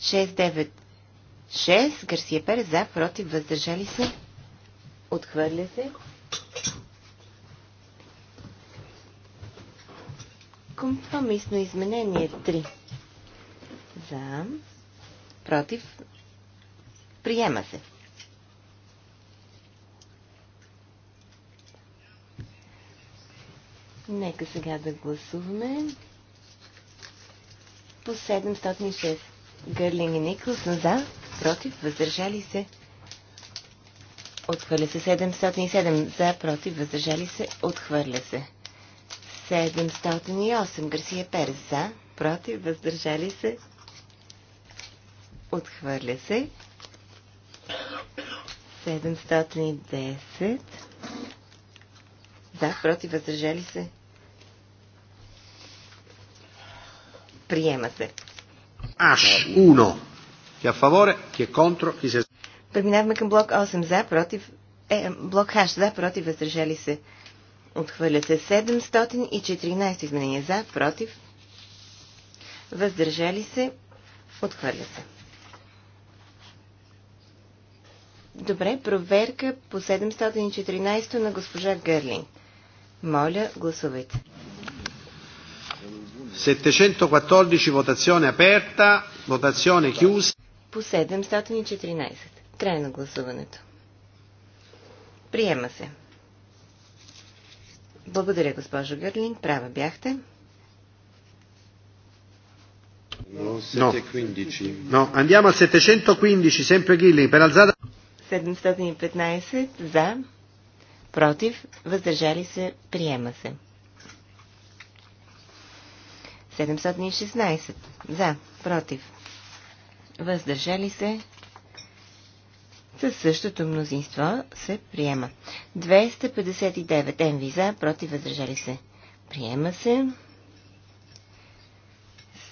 696 Гарсия Перец за, против, въздържали се, отхвърля се. Компромисно изменение 3. За. Против. Приема се. Нека сега да гласуваме по 706. Гърлин и Николсън за, против, въздържали се. Отхвърля се 707 за, против, въздържали се, отхвърля се. 708. Гарсия Перес за, против, въздържали се, отхвърля се. 710. За, против, въздържали се. Приема се. Аш, уно. Chi е фаворе, favore, е контро и се chi Преминаваме към блок 8 за, против... Е, блок Х. за, против, въздържали се. Отхвърля се 714 изменения за, против. Въздържали се. Отхвърля се. Добре, проверка по 714 на госпожа Гърлин. Моля, гласувайте. 714 votazione aperta, votazione chiusa. По 714. Трайно на гласуването. Приема се. Благодаря, госпожо Гърлин. Права бяхте. No, no. no, andiamo a 715, sempre Ghilli, per alzata... 715 за, против, въздържали се, приема се. 716 за, против, въздържали се, със същото мнозинство се приема. 259 МВ за, против, въздържали се. Приема се.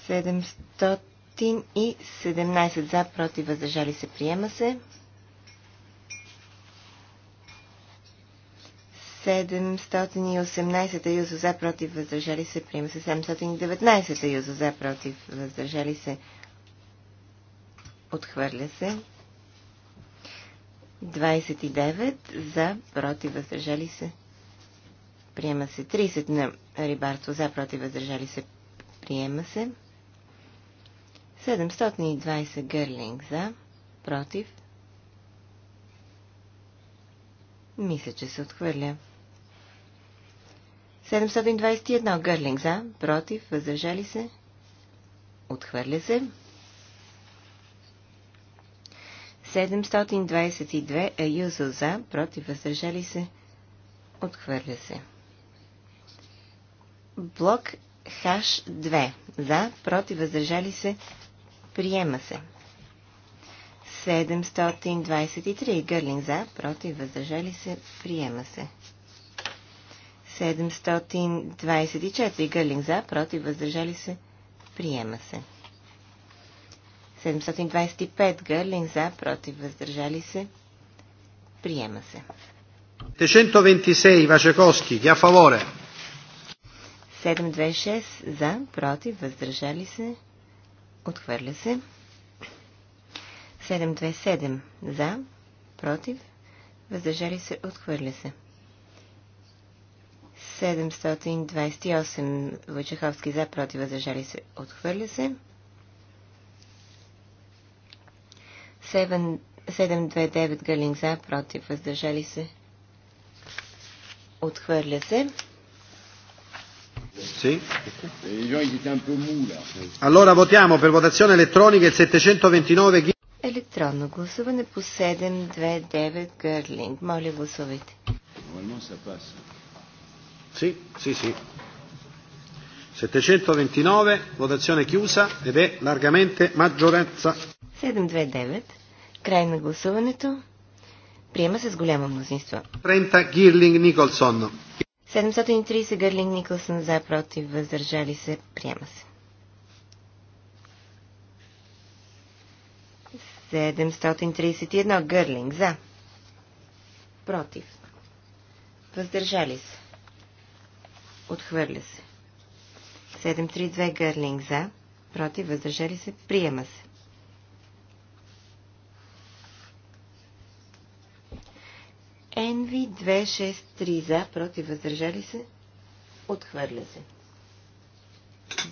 717 за, против, въздържали се. Приема се. 718 юзо за, против, въздържали се. Приема се. 719 юзо за, против, въздържали се. Отхвърля се. 29 за, против, въздържали се. Приема се 30 на рибарство за, против, въздържали се. Приема се. 720 гърлинг за, против. Мисля, че се отхвърля. 721 гърлинг за, против, въздържали се. Отхвърля се. 722 Аюзо за, против, въздържали се, отхвърля се. Блок х 2 за, против, въздържали се, приема се. 723 Гърлин за, против, въздържали се, приема се. 724 Гърлин за, против, въздържали се, приема се. 725 гърлин за, против, въздържали се. Приема се. 726 Вачековски, я фаворе. 726 за, против, въздържали се. Отхвърля се. 727 за, против, въздържали се, отхвърля се. 728 Вачеховски за, против, въздържали се, отхвърля се. 729 Галинг против, въздържали се. Отхвърля се. Allora votiamo per votazione elettronica il 729 Електронно гласуване по 729 Гърлинг. Моля гласувайте. Sì, sì, sì. 729, votazione chiusa ed è largamente maggioranza 729. Край на гласуването. Приема се с голямо мнозинство. 30 Гирлинг Николсон. 730 Гърлинг Николсън за против въздържали се. Приема се. 731 Гърлинг за. Против. Въздържали се. Отхвърля се. 732 Гърлинг за. Против. Въздържали се. Приема се. Енви 263 за, против, въздържали се, отхвърля се.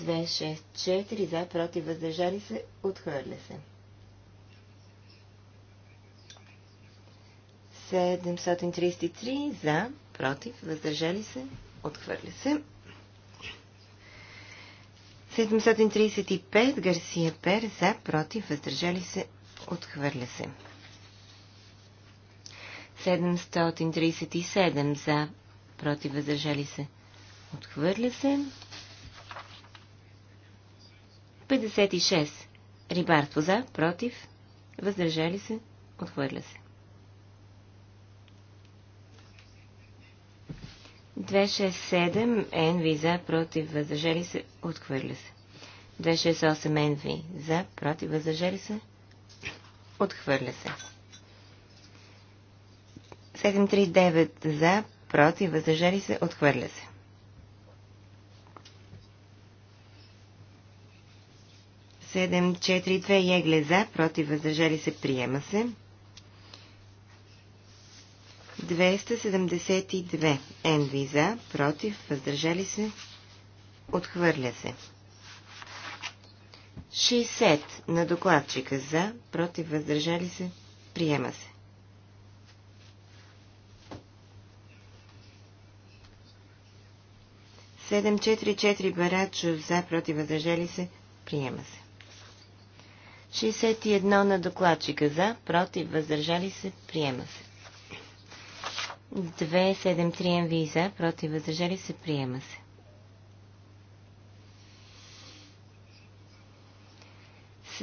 264 за, против, въздържали се, отхвърля се. 733 за, против, въздържали се, отхвърля се. 735 Гарсия Пер за, против, въздържали се, отхвърля се. 737 за, против, въздържали се. Отхвърля се. 56. Рибарство за, против, въздържали се, отхвърля се. 267 НВ за, против, въздържали се, отхвърля се. 268 НВ за, против, въздържали се, отхвърля се. 739 за, против, въздържали се, отхвърля се. Седем, четири, две егле за, против, въздържали се, приема се. 272 енви за, против, въздържали се, отхвърля се. 60 на докладчика за, против, въздържали се, приема се. 4 Барачов за, против, въздържали се, приема се. 61 на докладчика за, против, въздържали се, приема се. 2, 2-7-3 МВ за, против, въздържали се, приема се.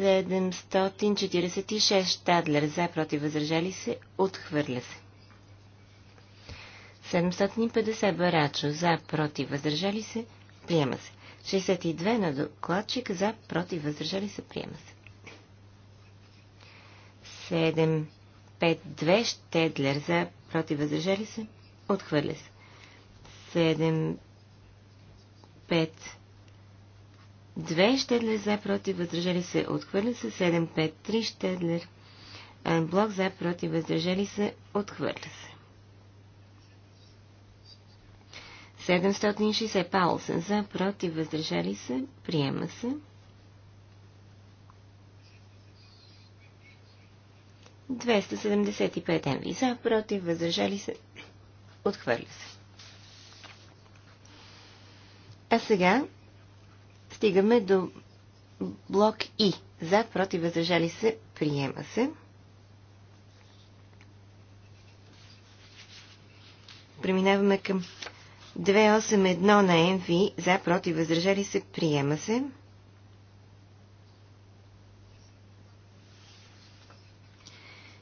746 Штадлер за, против, възражали се, отхвърля се. 750 барачо за, против, въздържали се, приема се. 62 на докладчик за, против, въздържали се, приема се. 752 Штедлер за, против, въздържали се, отхвърля се. 752 Штедлер за, против, въздържали се, отхвърля се. 753 Штедлер. Блок за, против, въздържали се, отхвърля се. 760 Паулсен за, против, въздържали се, приема се. 275 МВ за, против, въздържали се, отхвърля се. А сега стигаме до блок И. За, против, въздържали се, приема се. Преминаваме към 281 на Енви за против въздържали се приема се.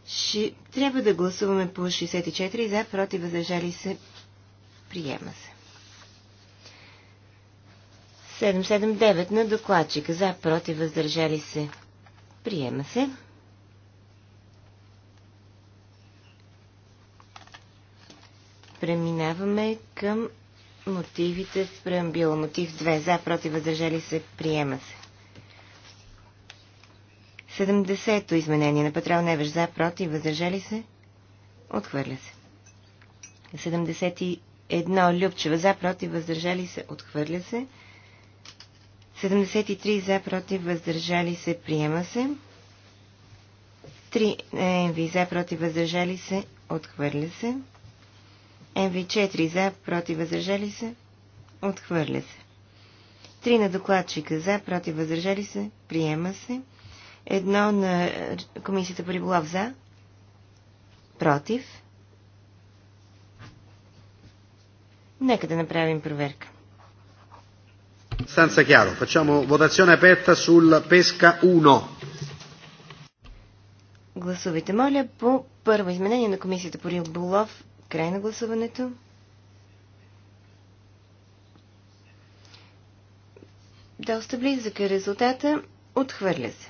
Ши... Трябва да гласуваме по 64 за против въздържали се приема се. 779 на докладчика за против въздържали се приема се. Преминаваме към мотивите в преамбила. Мотив 2. За, против, въздържали се, приема се. 70-то изменение на Патрал Невеж. За, против, въздържали се, отхвърля се. 71 Любчева. За, против, въздържали се, отхвърля се. 73 за, против, въздържали се, приема се. 3 НВ е, за, против, въздържали се, отхвърля се. МВ4 за, против, възражали се, отхвърля се. 3 на докладчика за, против, възражали се, приема се. Едно на Комисията по риболов за, против. Нека да направим проверка. Станца chiaro, facciamo votazione aperta sul pesca 1. Гласувайте, моля, по първо изменение на Комисията по риболов Край на гласуването. Доста близък е резултата. Отхвърля се.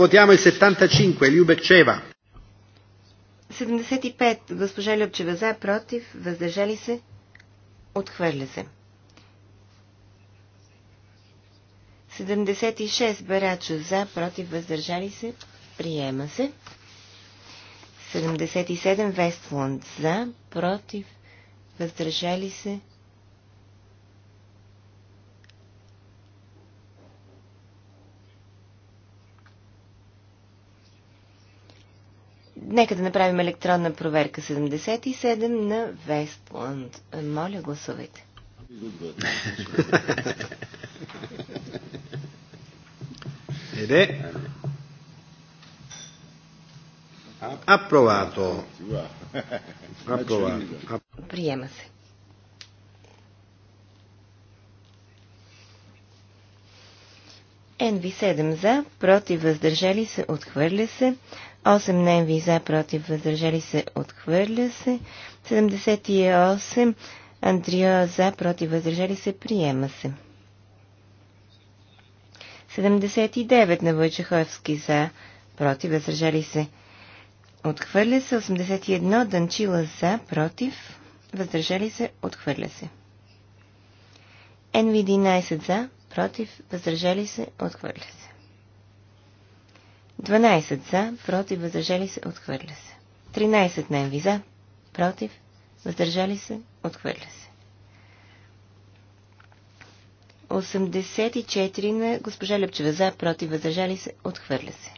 Votiamo il 75, Liubekcheva. 75. Госпожа Любчева за, против, въздържали се, отхвърля се. 76. Барачо за, против, въздържали се, Приема се. 77 Вестланд за, против, въздържали се. Нека да направим електронна проверка 77 на Вестланд. Моля, гласувайте. Еде. Approvato. Approvato. Приема се. НВ 7 за, против въздържали се, отхвърля се. 8 на за, против въздържали се, отхвърля се. 78 Андрио за, против въздържали се, приема се. 79 на Войчеховски за, против въздържали се, се. Отхвърля се 81 дънчила за, против. Въздържали се, отхвърля се. NV11 за, против, въздържали се, отхвърля се. 12 за, против, въздържали се, отхвърля се. 13 на NV за, против, въздържали се, отхвърля се. 84 на госпожа Лепчева за, против, въздържали се, отхвърля се.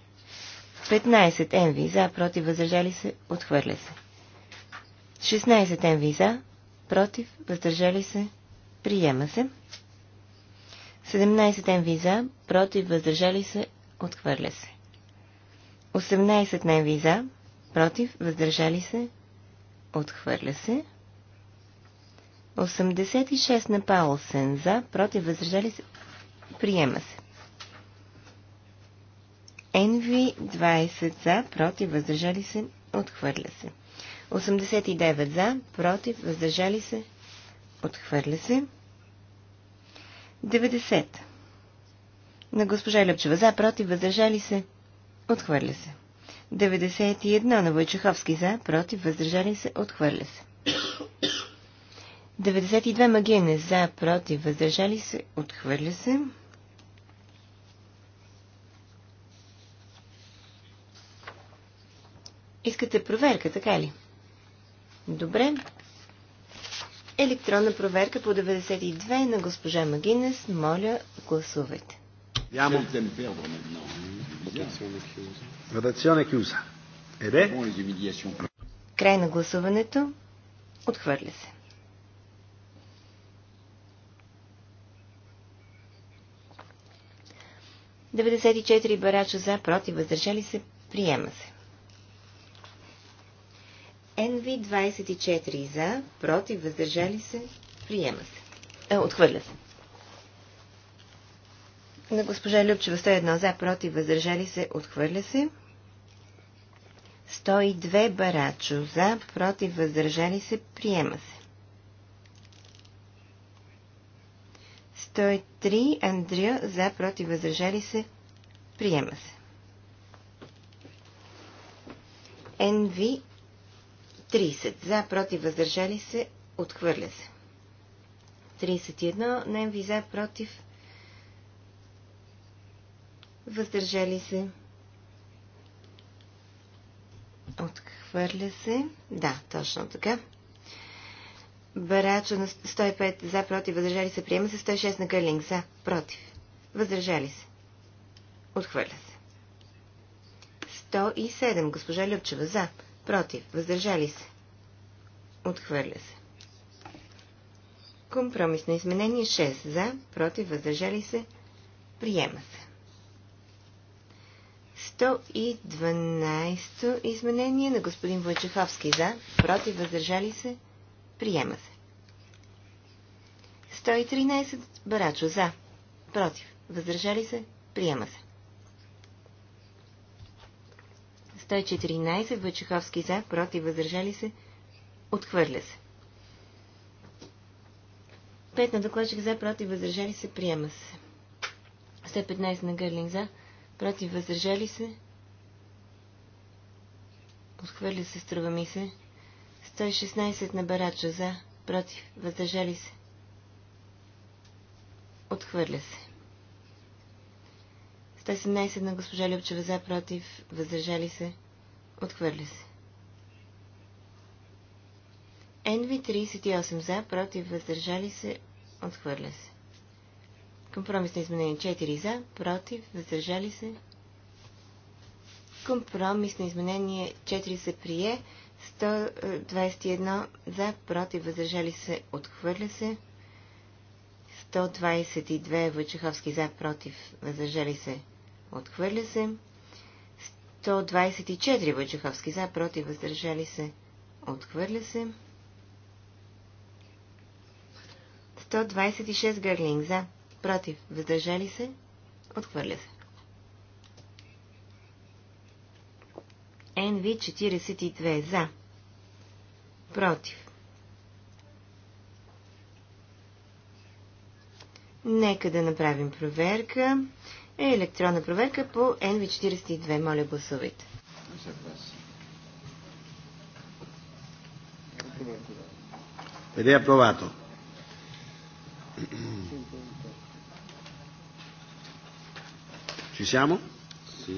15 МВ за, против, въздържали се, отхвърля се. 16 МВ за, против, въздържали се, приема се. 17 МВ за, против, въздържали се, отхвърля се. 18 МВ за, против, въздържали се, отхвърля се. 86 на Паулсен за, против, въздържали се, приема се. Енви 20 за, против, въздържали се, отхвърля се. 89 за, против, въздържали се, отхвърля се. 90. На госпожа Лепчева за, против, въздържали се, отхвърля се. 91 на Войчеховски за, против, въздържали се, отхвърля се. 92 магиене за, против, въздържали се, отхвърля се. Искате проверка, така ли? Добре. Електронна проверка по 92 на госпожа Магинес. Моля, гласувайте. Редакционна е кюза. Ed е, Край на гласуването. Отхвърля се. Деведесет и четири барача за, против, въздържали се, приема се. NV24 за, против, въздържали се, приема се. Е, отхвърля се. На госпожа Любчева 101 за, против, въздържали се, отхвърля се. 102 Барачо за, против, въздържали се, приема се. 103 Андрия за, против, въздържали се, приема се. NV 30. За, против, въздържали се, отхвърля се. 31. ви за, против, въздържали се, отхвърля се. Да, точно така. Барачо на 105 за, против, въздържали се, приема се 106 на Гърлинг за, против, въздържали се, отхвърля се. 107. Госпожа Любчева за, Против. Въздържали се. Отхвърля се. Компромис на изменение 6. За. Против. Въздържали се. Приема се. 112 изменение на господин Войчеховски. За. Против. Въздържали се. Приема се. 113 Барачо. За. Против. Въздържали се. Приема се. 114. Бачаховски за, против, въздържали се, отхвърля се. 5 на докладчик за, против, въздържали се, приема се. 115 на Гърлинг за, против, въздържали се, отхвърля се, струва ми се. 116 на Барача за, против, въздържали се. Отхвърля се не на госпожа Любчева за, против, въздържали се, отхвърля се. НВ 38 за, против, въздържали се, отхвърля се. Компромис на изменение 4 за, против, въздържали се. Компромис на изменение 4 се прие. 121 е, за, против, въздържали се, отхвърля се. 122 Войчеховски за, против, въздържали се, Отхвърля се. 124 Войчеховски за, против, въздържали се. Отхвърля се. 126 Гърлинг за, против, въздържали се. Отхвърля се. НВ 42 за. Против. Нека да направим проверка е електронна проверка по NV42. Моля, гласувайте. Ed è approvato. Ci siamo? Sì.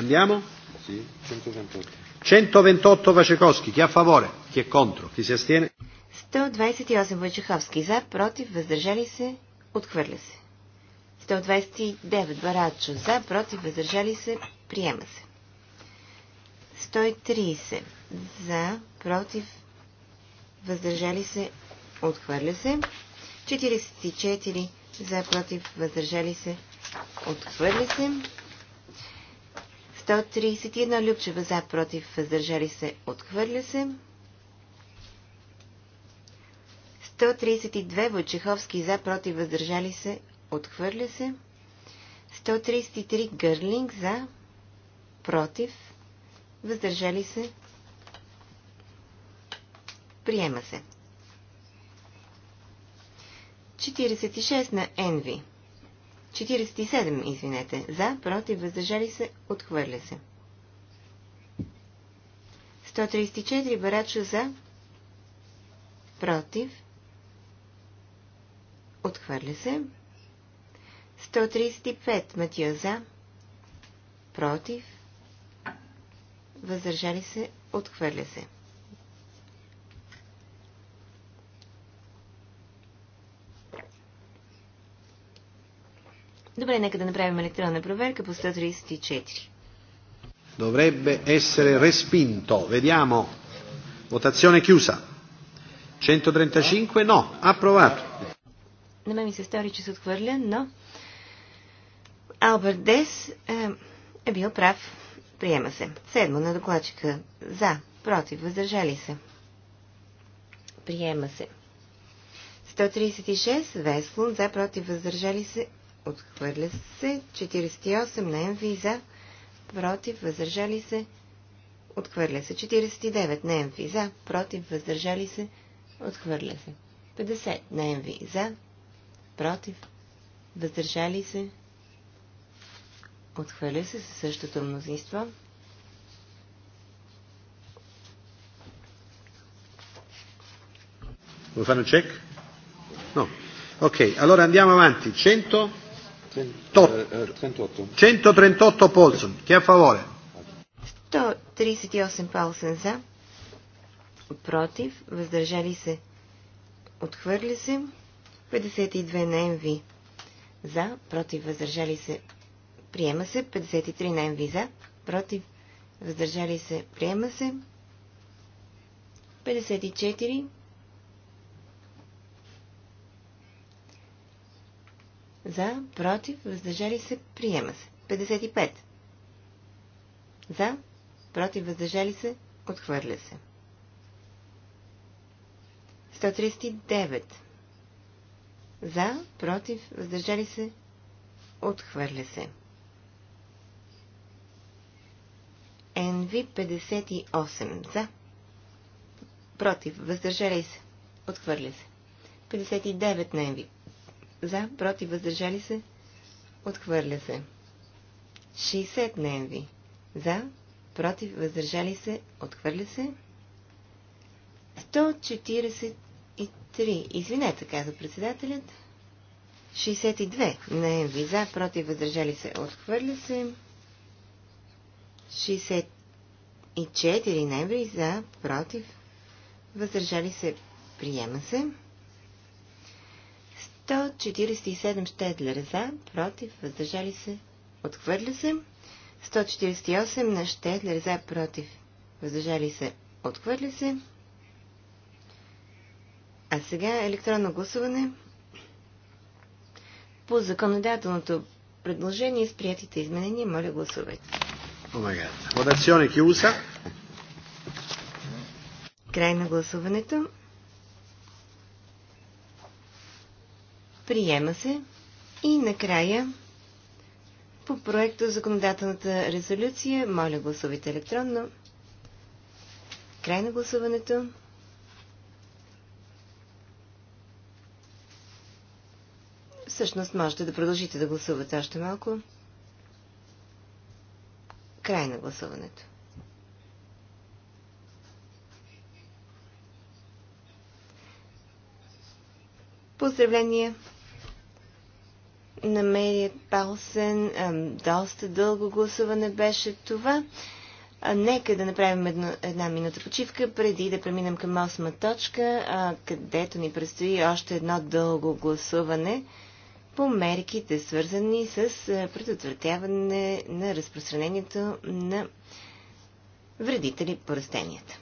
Andiamo? Sì, 128. 128 Vacekowski, chi è a favore, chi è contro, chi si astiene? 128 Вачеховски за, против, въздържали се, отхвърля се. 129 Барачо за, против, въздържали се, приема се. 130 за, против, въздържали се, отхвърля се. 44 за, против, въздържали се, отхвърля се. 131 Любчева за, против, въздържали се, отхвърля се. 132 Войчеховски за, против, въздържали се, Отхвърля се. 133 гърлинг за. Против. Въздържали се. Приема се. 46 на Енви. 47, извинете. За, против, въздържали се, отхвърля се. 134 барачо за, против, отхвърля се. 135. Матия за. Против. Въздържали се. Отхвърля се. Добре, нека да направим електронна проверка по 134. Dovrebbe essere respinto. Vediamo. Votazione chiusa. 135 no. Approvato. На мен ми се стори, че се отхвърля, но Алберт Дес е, е бил прав. Приема се. Седмо на докладчика. За. Против. Въздържали се. Приема се. 136. Веслун. За. Против. Въздържали се. Отхвърля се. 48. На ви За. Против. Въздържали се. Отхвърля се. 49. На МВ. За. Против. Въздържали се. Отхвърля се. 50. На ви За. Против. Въздържали се. Отхвърля се със същото мнозинство. Vuoi fare un check? No. Ok, allora andiamo avanti. 100... 138. Paulson. Chi è a favore? 138 Paulson za. Protiv. Въздържали se. Отхвърли se. 52 на za. Protiv. Против. se. Приема се 53 на МВ за. Против. Въздържали се. Приема се. 54. За. Против. Въздържали се. Приема се. 55. За. Против. Въздържали се. Отхвърля се. 139. За. Против. Въздържали се. Отхвърля се. nv 58 за. Против. Въздържали се. Отхвърля се. 59 на NV. За. Против. Въздържали се. Отхвърля се. 60 на NV. За. Против. Въздържали се. Отхвърля се. 143. Извинете, каза председателят. 62 на NV. За. Против. Въздържали се. Отхвърля се. 64 ноември за, против, въздържали се, приема се. 147 Штедлер за, против, въздържали се, отхвърля се. 148 на Штедлер за, против, въздържали се, отхвърля се. А сега електронно гласуване по законодателното предложение с приятите изменения. Моля гласувайте. Oh my God. Votazione chiusa. Край на гласуването. Приема се. И накрая по проекта законодателната резолюция. Моля гласувайте електронно. Край на гласуването. Всъщност можете да продължите да гласувате още малко. Край на гласуването. Поздравление. намерят Палсен Доста дълго гласуване беше това. Нека да направим едно, една минута почивка, преди да преминем към 8 точка, където ни предстои още едно дълго гласуване по мерките, свързани с предотвратяване на разпространението на вредители по растенията.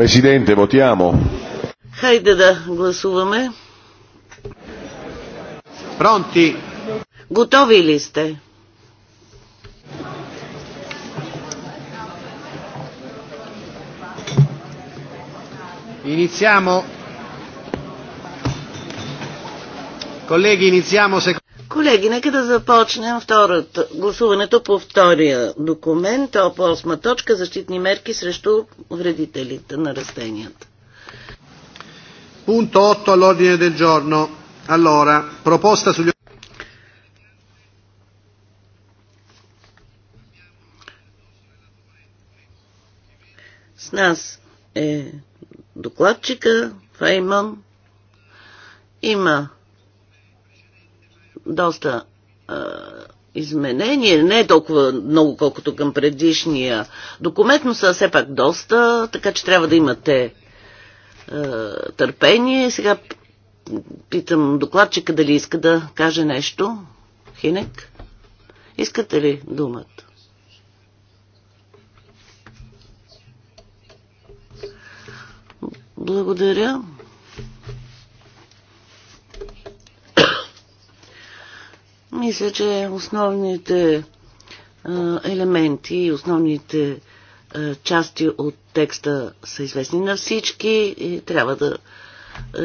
Presidente, votiamo. Хайде да гласуваме. Пронти. Готови ли сте? Iniziamo. Colleghi, iniziamo. secondo. Колеги, нека да започнем втората, гласуването по втория документ, то по осма точка, защитни мерки срещу вредителите на растенията. Пункт 8 all'ordine del giorno. Allora, proposta sugli... С нас е докладчика Файман. Има доста а, изменение, не е толкова много, колкото към предишния документ, но са все пак доста, така че трябва да имате а, търпение. Сега питам докладчика дали иска да каже нещо. Хинек, искате ли думата? Благодаря. Мисля, че основните елементи и основните части от текста са известни на всички и трябва да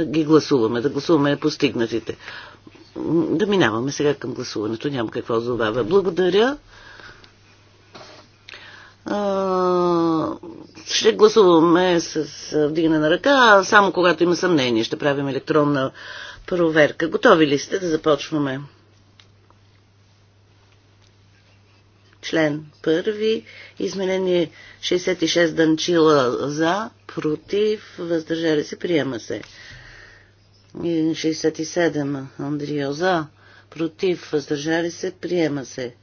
ги гласуваме, да гласуваме постигнатите. Да минаваме сега към гласуването, няма какво забавя. Благодаря. Ще гласуваме с вдигане на ръка, само когато има съмнение ще правим електронна проверка. Готови ли сте да започваме? Член първи, изменение 66 Данчила за, против, въздържали се, приема се. 67 Андрио за, против, въздържали се, приема се.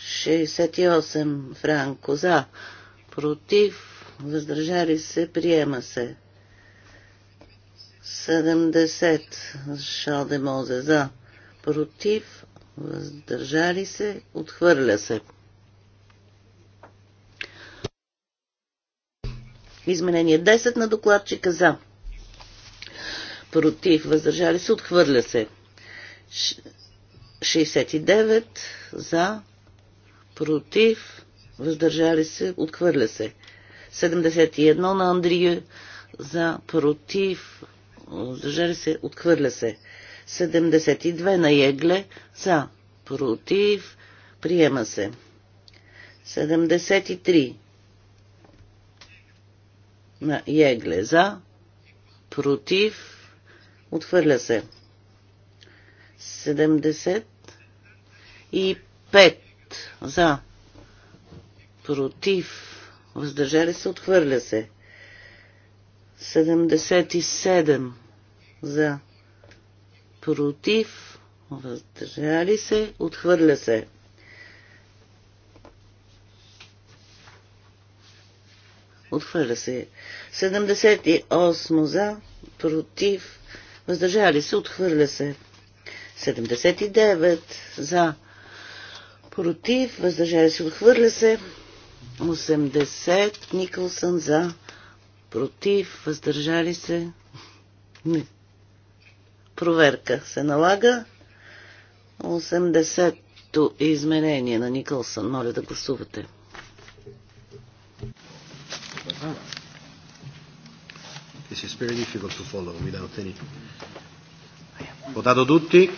68 Франко за, против, въздържали се, приема се. 70 Шалдемозе за, против, въздържали се, отхвърля се. Изменение 10 на докладчика за. Против, въздържали се, отхвърля се. 69 за, против, въздържали се, отхвърля се. 71 на Андрия за, против, въздържали се, отхвърля се. 72 на Егле за, против, приема се. 73 на Егле за, против, отхвърля се. 75 за, против, въздържали се, отхвърля се. 77 за, против, въздържали се, отхвърля се. Отхвърля се. 78 за, против, въздържали се, отхвърля се. 79 за, против, въздържали се, отхвърля се. 80 Никълсън за, против, въздържали се. Не, проверка се налага. 80-то изменение на Никълсън. Моля да гласувате. This is very difficult to follow without any. Votato tutti?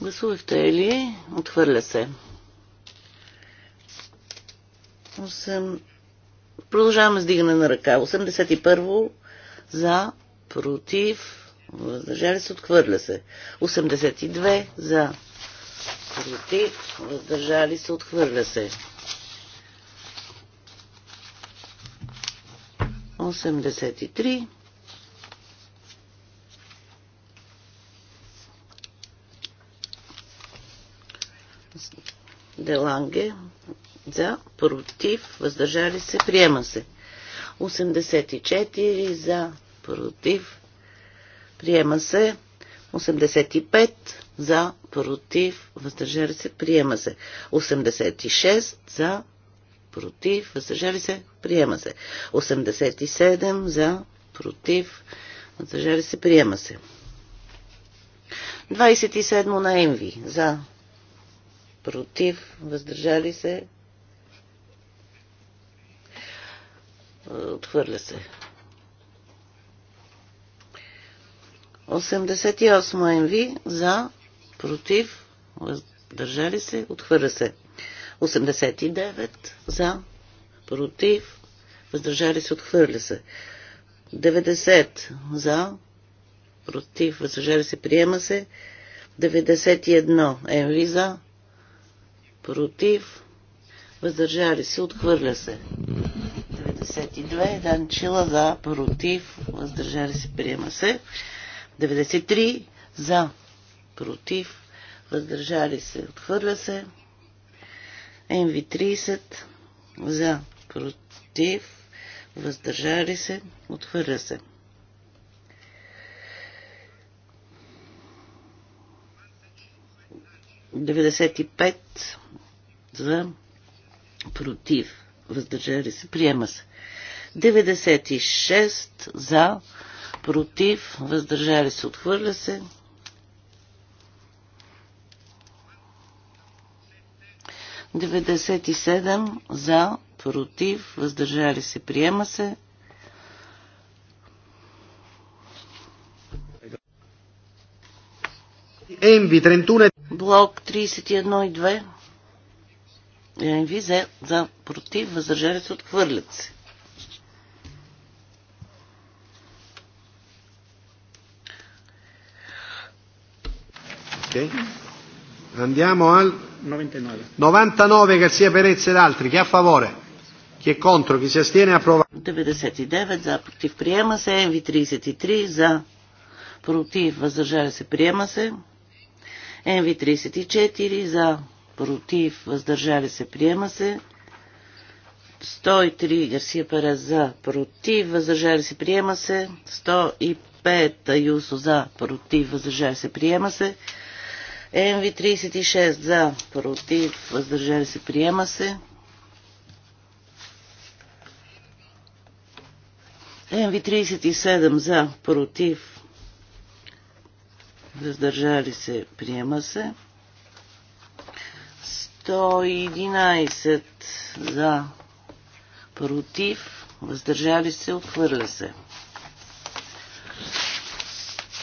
Гласувахте ли? Отхвърля се. 8... Продължаваме с дигане на ръка. 81-во за, против, въздържали се, отхвърля се. 82 за, против, въздържали се, отхвърля се. 83 Деланге за, против, въздържали се, приема се. 84 за, против, приема се. 85 за, против, въздържали се, приема се. 86 за, против, въздържали се, приема се. 87 за, против, въздържали се, приема се. 27 на Енви за, против, въздържали се, Отхвърля се. 88 МВ за, против, въздържали се, отхвърля се. 89 за, против, въздържали се, отхвърля се. 90 за, против, въздържали се, приема се. 91 МВ за, против, въздържали се, отхвърля се. 92. Данчила за, против, въздържали се, приема се. 93. За, против, въздържали се, отхвърля се. МВ-30. За, против, въздържали се, отхвърля се. Деведесет и пет за против въздържали се, приема се. 96 за, против, въздържали се, отхвърля се. 97 за, против, въздържали се, приема се. Блок 31 и 2. Е, ви за, за против, въздържали се, отхвърлят се. Okay. Andiamo al 99. 99 Garzia Perez ed altri. Chi è a favore? Chi è contro? Chi si astiene? Approva. 99 за против приема се. МВ33 за против въздържали се приема се. МВ34 за против, въздържали се, приема се. 103 Гарсия Перес за, против, въздържали се, приема се. 105 Аюсо за, против, въздържали се, приема се. МВ-36 за, против, въздържали се, приема се. МВ-37 за, против, въздържали се, приема се. 111 за, против, въздържали се, отхвърля се.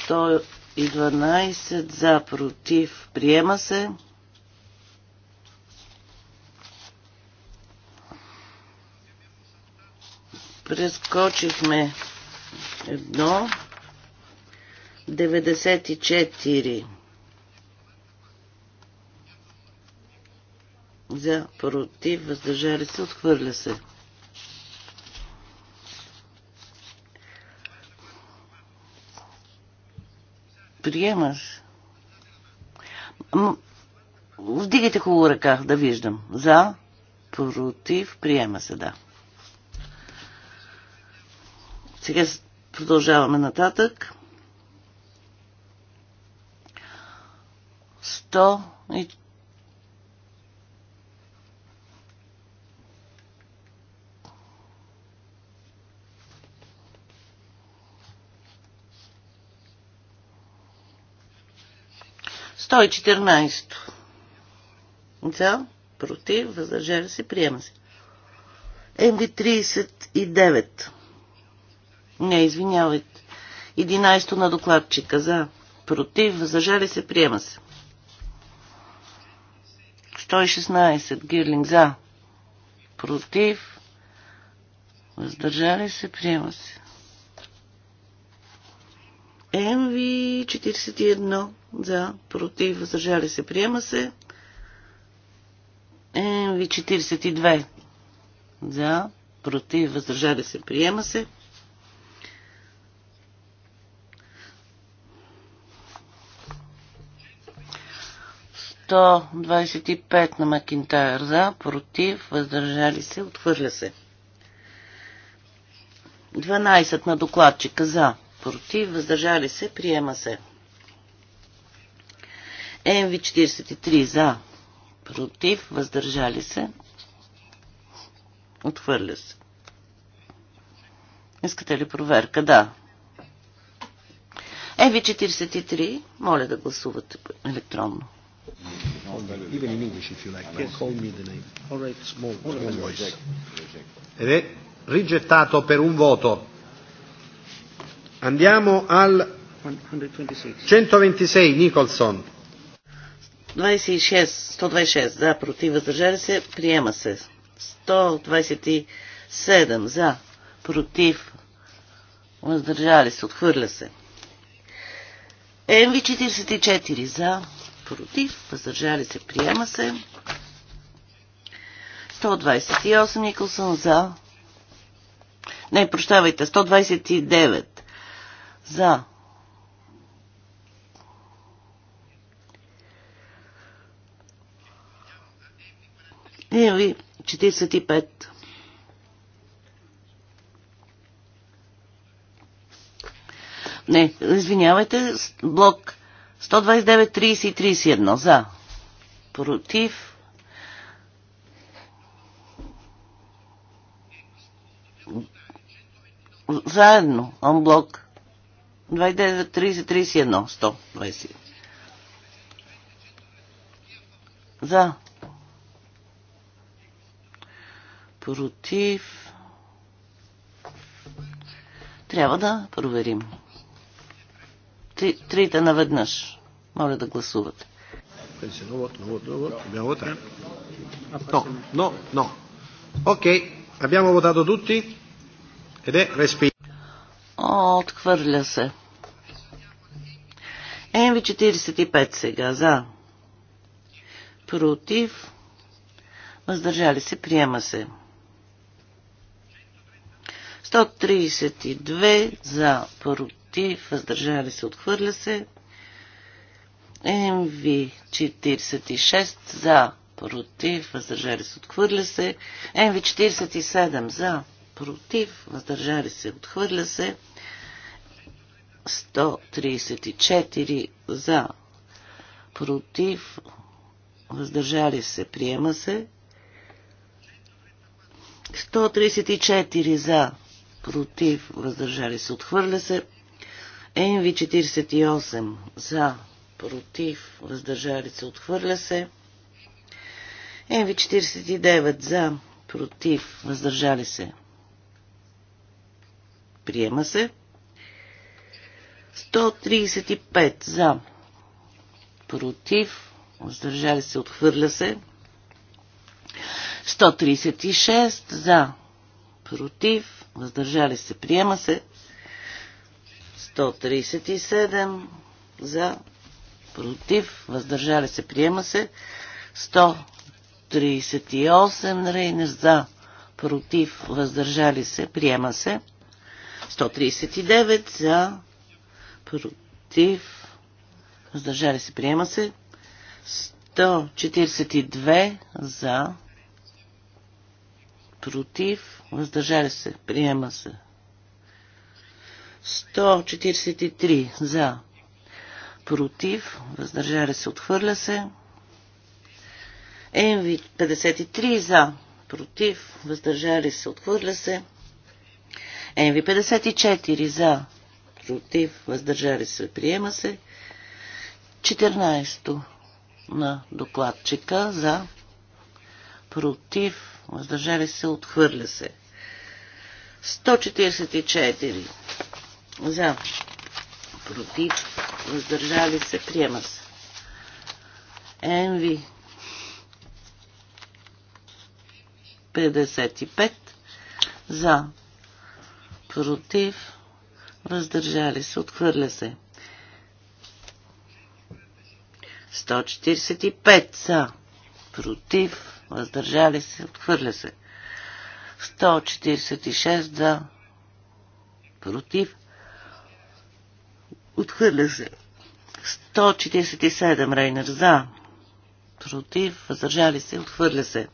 112 за, против, приема се. прескочихме едно. 94 за против, въздържали се, отхвърля се. Приемаш. Вдигайте хубаво ръка, да виждам. За, против, приема се, да. Сега продължаваме нататък. 100 и 114. За, против, въздържали се, приема се. МВ-39. Не, извинявайте. 11 на докладчика. За, против, въздържали се, приема се. 116. Гирлинг. За, против, въздържали се, приема се. МВ-41 за, против, въздържали се, приема се. МВ 42 за, против, въздържали се, приема се. То 25 на Макинтайр за, против, въздържали се, отхвърля се. 12 на докладчика за, против, въздържали се, приема се. МВ-43 за, против, въздържали се, Отвърля се. Искате ли проверка? Да. МВ-43, моля да гласувате електронно. Even in English, if you like. Yes. Call me the name. All right, small, small voice. Ed rigettato per un voto. Andiamo al 126. 126, Nicholson. 26, 126 за, против, въздържали се, приема се. 127 за, против, въздържали се, отхвърля се. МВ-44 за, против, въздържали се, приема се. 128 Николсън за. Не, прощавайте, 129 за, Енви 45. Не, извинявайте, блок 129, 30 и 31. За. Против. Заедно. Анблок. 29, 30, 31. 120. За. против. Трябва да проверим. Три, трите наведнъж. Моля да гласувате. Но, но. Окей. Ok, abbiamo votato tutti ed Отхвърля се. МВ-45 сега за. Против. Въздържали се. Приема се. 132 за против, въздържали се, отхвърля се. МВ 46 за против, въздържали се, отхвърля се. МВ 47 за против, въздържали се, отхвърля се. 134 за против, въздържали се, приема се. 134 за против, въздържали се, отхвърля се. НВ 48 за, против, въздържали се, отхвърля се. НВ 49 за, против, въздържали се. Приема се. 135 за, против, въздържали се, отхвърля се. 136 за, против, въздържали се, приема се. 137 за, против, въздържали се, приема се. 138 Рейнер за, против, въздържали се, приема се. 139 за, против, въздържали се, приема се. 142 за, против, въздържали се, приема се. 143 за, против, въздържали се, отхвърля се. МВ 53 за, против, въздържали се, отхвърля се. МВ 54 за, против, въздържали се, приема се. 14 на докладчика за, против, въздържали се, отхвърля се. 144 за, против, въздържали се, приема се. Енви 55 за, против, въздържали се, отхвърля се. 145 за, против, въздържали се, отхвърля се. 146 за, против, отхвърля се. 147 Рейнер за, против, въздържали се, отхвърля се.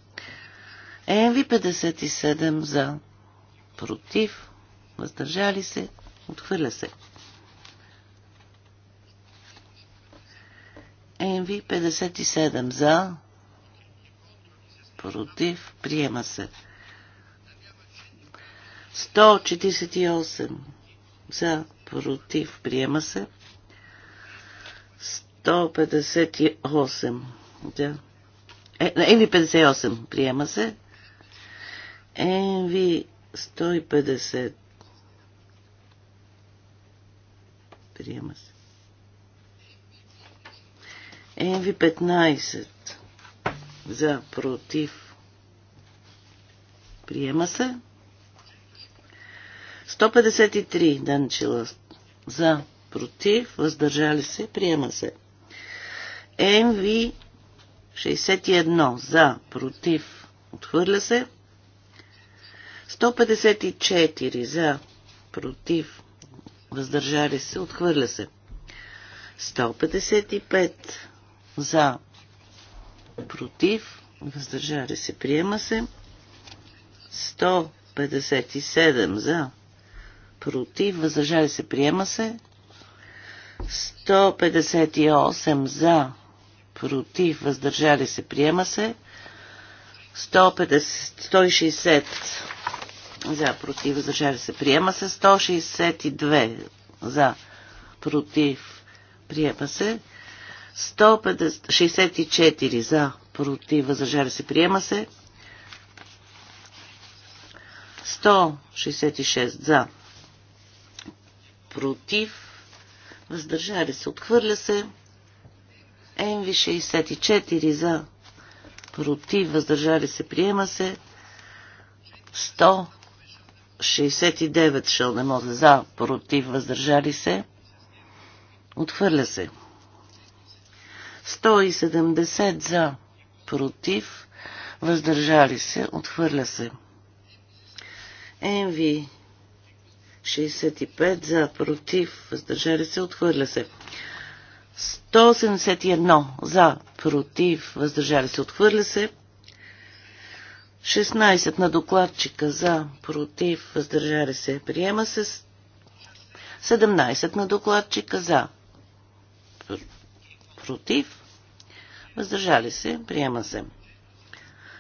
ЕМВ 57 за, против, въздържали се, отхвърля се. МВ 57 за, против, приема се. 148 за, против, приема се. 158 за. Е, или 58 приема се. ви 150 приема се. ЕНВИ 15 за против. Приема се. 153 Данчила за против, въздържали се, приема се. МВ 61 за против, отхвърля се. 154 за против, въздържали се, отхвърля се. 155 за против, въздържали се, приема се. 157 за, против, въздържали се, приема се. 158 за, против, въздържали се, приема се. 150, 160 за, против, въздържали се, приема се. 162 за, против, приема се. 164 за, против, въздържали се, приема се. 166 за, против, въздържали се, отхвърля се. МВ 64 за, против, въздържали се, приема се. 169 не може за, против, въздържали се. Отхвърля се. 170 за, против, въздържали се, отхвърля се. Енви 65 за, против, въздържали се, отхвърля се. 181 за, против, въздържали се, отхвърля се. 16 на докладчика за, против, въздържали се, приема се. 17 на докладчика за, против, въздържали се, приема се.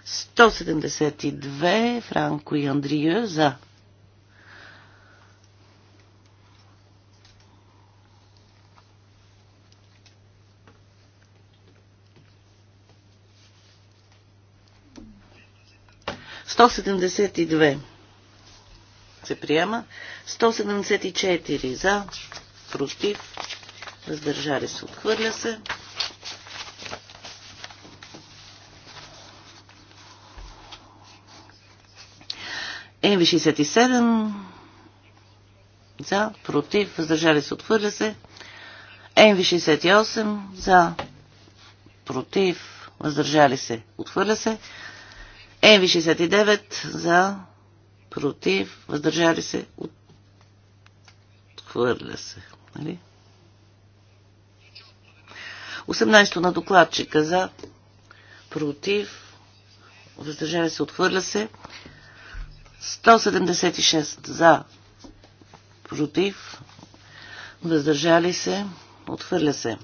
172 Франко и Андрия за. Сто седемдесет и две се приема. 174 за, против, въздържали се, отхвърля се. МВ-67 за, против, въздържали се, отхвърля се. МВ-68 за, против, въздържали се, отхвърля се. МВ-69 за, против, въздържали се, отхвърля се. Нали? 18 на докладчика за против. Въздържали се, отхвърля се. 176 за против. Въздържали се, отхвърля се.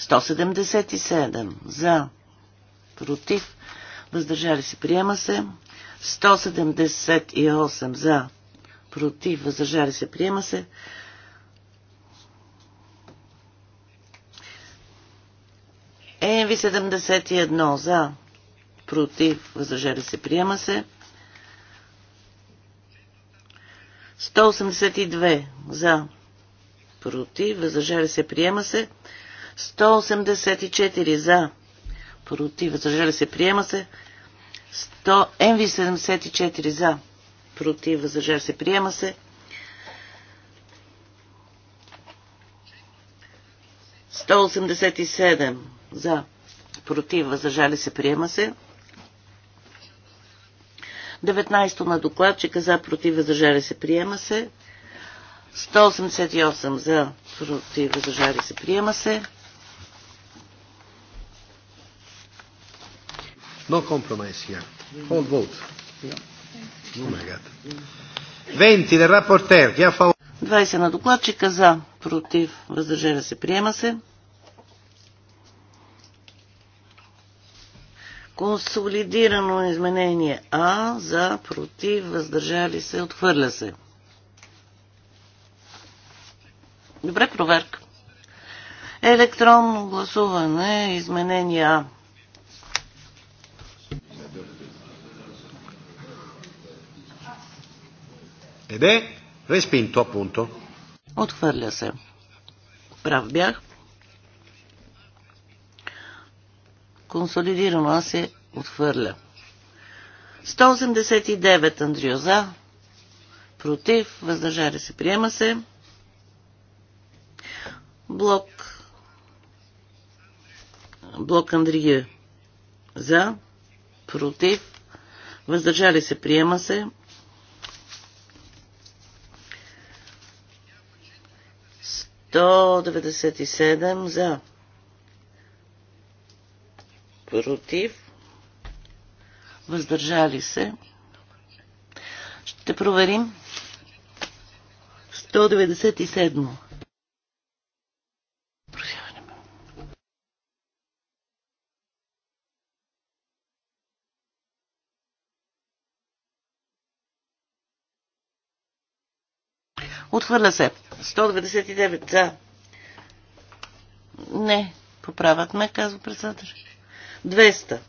177 за против. Въздържали се, приема се. 178 за против. Въздържали се, приема се. ви 71 за, против, възражали се, приема се. 182 за, против, възражали се, приема се. 184 за, против, възражали се, приема се. 100, МВ-74 за, против, възражали се, приема се. 187 за, против, въздържали се, приема се. 19 на докладчика за, против, въздържали се, приема се. 188 за, против, въздържали се, приема се. No compromise here. Hold vote. Oh my God. 20 del rapporteur. 20 на докладчика за, против, въздържали се, приема се. Консолидирано изменение А за против, въздържали се, отхвърля се. Добре, проверка. Електронно гласуване, изменение А. Ed респинто, respinto, Отхвърля се. Прав бях. Консолидирано аз се отхвърля. 189 Андрио за. Против. Въздържали се. Приема се. Блок. Блок Андрия За. Против. Въздържали се. Приема се. 197 за против, въздържали се. Ще проверим. 197. Отхвърля се. 199 за. Не, поправят ме, казва председател. 200.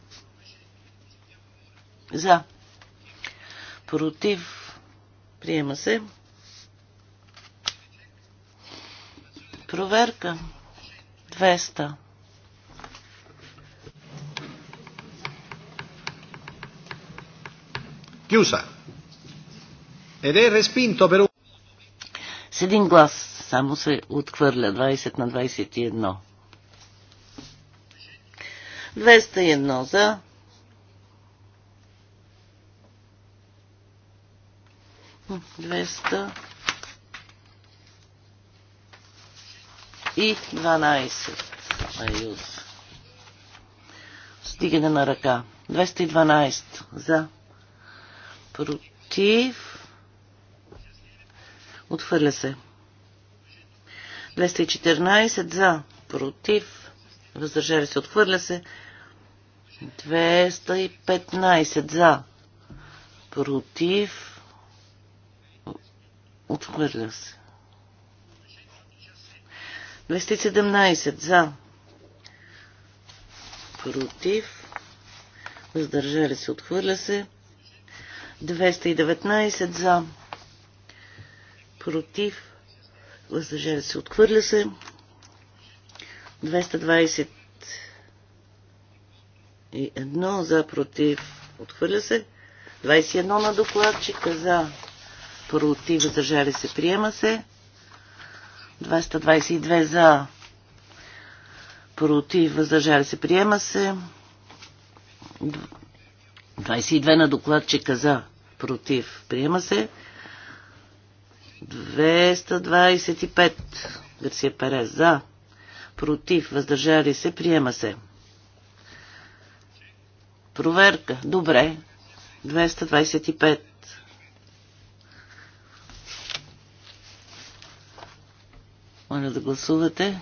За. Против. Приема се. Проверка. 200. Chiusa. Ed è respinto per un... С един глас само се отхвърля 20 на 21. 201 за. Двеста и 12. Айус. Стигане на ръка. 212 за. Против. Отхвърля се. 214 за. Против въздържали се, отхвърля се. 215 за, против, отхвърля се. 217 за, против, въздържали се, отхвърля се. 219 за, против, въздържали се, отхвърля се. 221 за против. Отхвърля се. 21 на докладчика за против. Въздържали се. Приема се. 222 за против. Въздържали се. Приема се. 22 на докладчика за против. Приема се. 225 Гърсия Перес за против, въздържали се, приема се. Проверка. Добре. 225. Моля да гласувате.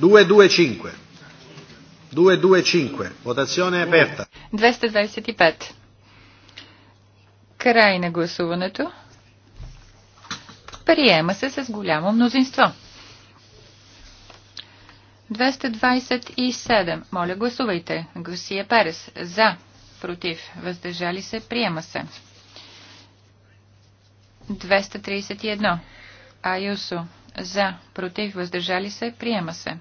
225. 225. Votazione aperta. 225. Край на гласуването. Приема се с голямо мнозинство. 227. Моля, гласувайте. Гусия Перес. За. Против. Въздържали се. Приема се. 231. Аюсо. За. Против. Въздържали се. Приема се.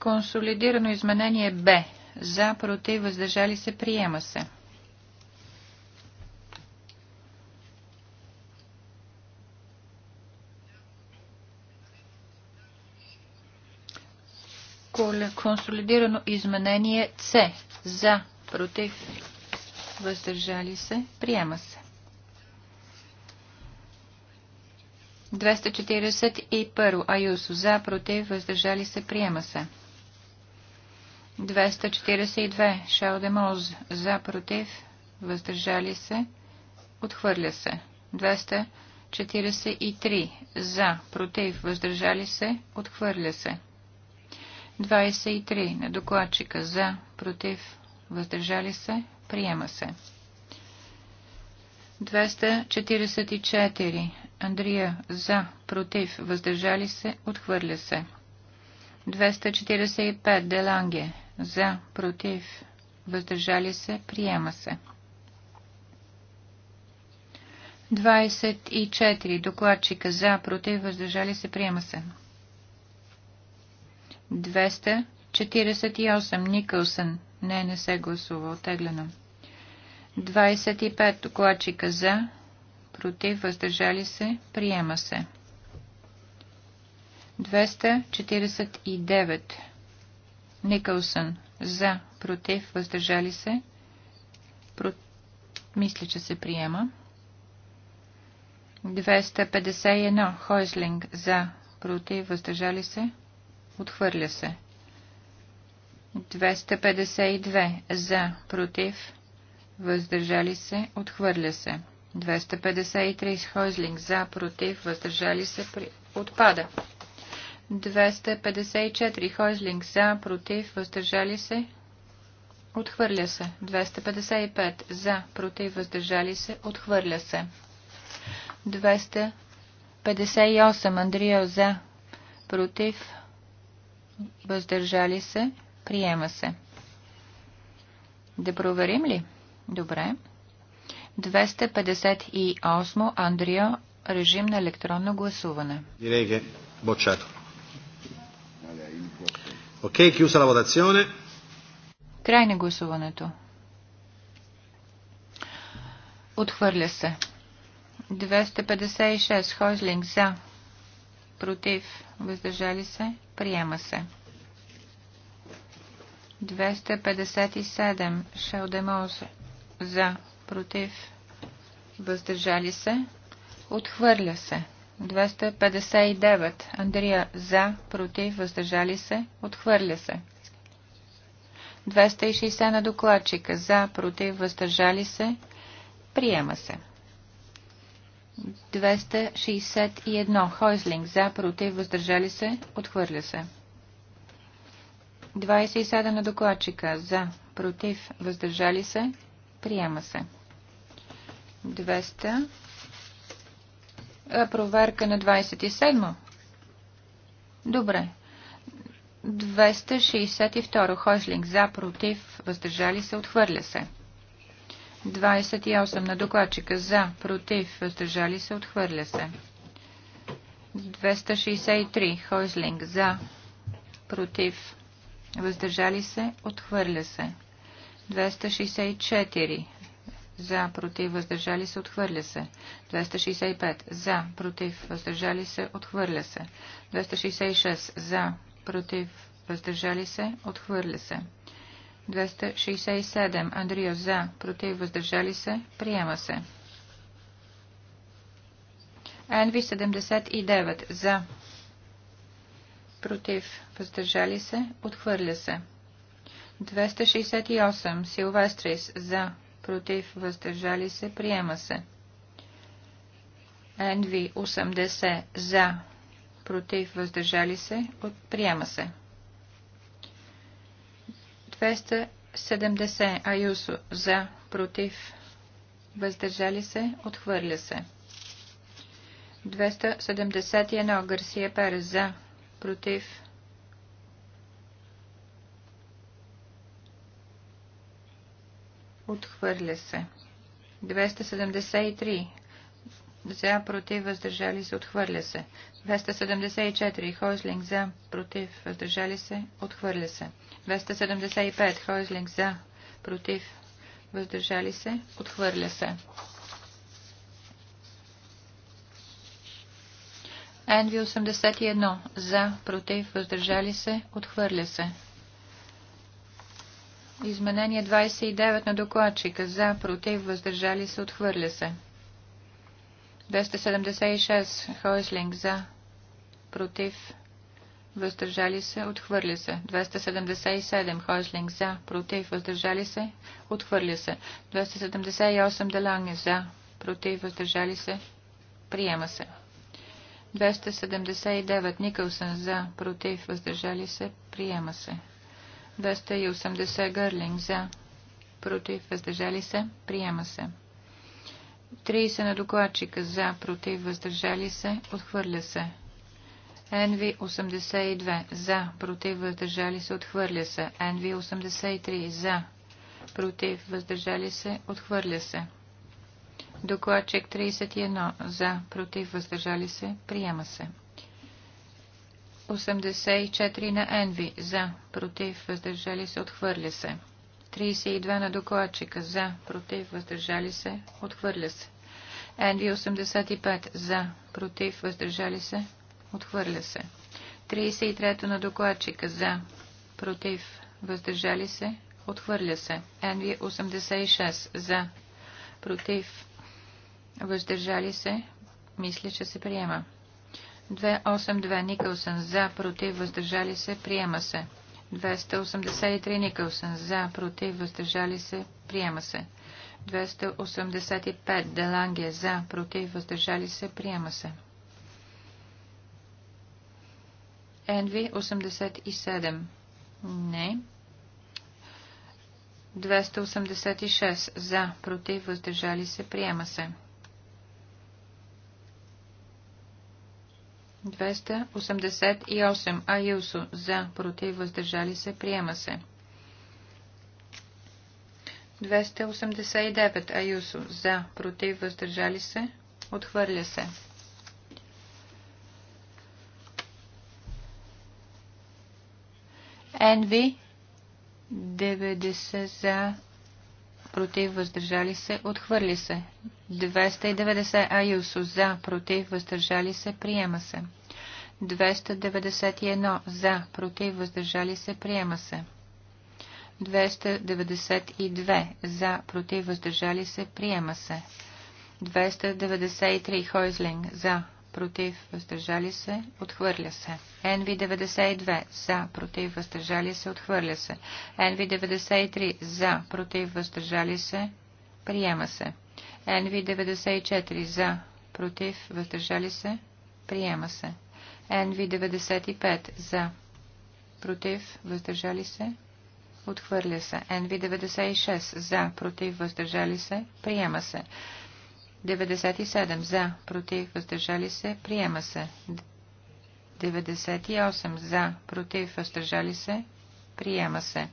Консолидирано изменение Б. За. Против. Въздържали се. Приема се. 232. консолидирано изменение С. За, против, въздържали се, приема се. 241. Аюсо. За, против, въздържали се, приема се. 242. Шалдемоз. За, против, въздържали се, отхвърля се. 243. За, против, въздържали се, отхвърля се. 23 на докладчика за, против, въздържали се, приема се. 244 Андрия за, против, въздържали се, отхвърля се. 245 Деланге за, против, въздържали се, приема се. 24 докладчика за, против, въздържали се, приема се. 248. Никълсън. Не, не се гласува. Отеглено. 25. Докладчика за. Против. Въздържали се. Приема се. 249. Никълсън. За. Против. Въздържали се. Про... Мисля, че се приема. 251. Хойслинг За. Против. Въздържали се. Отхвърля се. 252 за, против, въздържали се, отхвърля се. 253 Хойзлинг за, против, въздържали се, при... отпада. 254 Хойзлинг за, против, въздържали се, отхвърля се. 255 за, против, въздържали се, отхвърля се. 258 Андрио за, против, въздържали се, приема се. Да проверим ли? Добре. 258 Андрио, режим на електронно гласуване. Диреге, Бочато. Окей, кюса на водационе. Край на гласуването. Отхвърля се. 256 Хойзлинг за против, въздържали се, приема се. 257 Шелдемоз за, против, въздържали се, отхвърля се. 259 Андрия за, против, въздържали се, отхвърля се. 260 на докладчика за, против, въздържали се, приема се. 261. Хойзлинг. За, против, въздържали се. Отхвърля се. 27 на докладчика. За, против, въздържали се. Приема се. 200. Проверка на 27. Добре. 262. Хойзлинг. За, против, въздържали се. Отхвърля се. 28 на докладчика за, против, въздържали се, отхвърля се. 263 Хойзлинг за, против, въздържали се, отхвърля се. 264 за, против, въздържали се, отхвърля се. 265 за, против, въздържали се, отхвърля се. 266 за, против, въздържали се, отхвърля се. 267. Андрио за, против, въздържали се, приема се. Енви 79. За, против, въздържали се, отхвърля се. 268. Силвестрис за, против, въздържали се, приема се. Енви 80. За, против, въздържали се, от, приема се. 270 Аюсо за, против, въздържали се, отхвърля се. 271 Гарсия Перес за, против, отхвърля се. 273 за, против, въздържали се, отхвърля се. 274. Хойзлинг за, против, въздържали се, отхвърля се. 275. Хойзлинг за, против, въздържали се, отхвърля се. Енви 81. За, против, въздържали се, отхвърля се. Изменение 29 на докладчика. За, против, въздържали се, отхвърля се. 276 Хойслинг за, против, въздържали се, отхвърля се. 277 Хойслинг за, против, въздържали се, отхвърля се. 278 Деланге за, против, въздържали се, приема се. 279 Никълсън за, против, въздържали се, приема се. 280 Гърлинг за, против, въздържали се, приема се. 30 на докладчика за, против, въздържали се, отхвърля се. NV 82 за, против, въздържали се, отхвърля се. NV 83 за, против, въздържали се, отхвърля се. Докладчик 31 за, против, въздържали се, приема се. 84 на NV за, против, въздържали се, отхвърля се. 32 на докладчика за, против, въздържали се, отхвърля се. NV 85 за, против, въздържали се, отхвърля се. 33 на докладчика за, против, въздържали се, отхвърля се. NV 86 за, против, въздържали се, мисля, че се приема. 282 Никълсън за, против, въздържали се, приема се. 283 Никълсън за, против, въздържали се, приема се. 285 Деланге за, против, въздържали се, приема се. Енви 87. Не. 286 за, против, въздържали се, приема се. 288. Аюсо. За. Против. Въздържали се. Приема се. 289. Аюсо. За. Против. Въздържали се. Отхвърля се. 90 за против, въздържали се, отхвърли се. 290 Аюсо за, против, въздържали се, приема се. 291 за, против, въздържали се, приема се. 292 за, против, въздържали се, приема се. 293 Хойзлинг за, против, въздържали се, отхвърля се. NV92 за, против, въздържали се, отхвърля се. NV93 за, против, въздържали се, приема се. NV94 за, против, въздържали се, приема се. NV95 за, против, въздържали се, отхвърля се. NV96 за, против, въздържали се, приема се. 97 за, против, въздържали се, приема се. 98 за, против, въздържали се, приема се.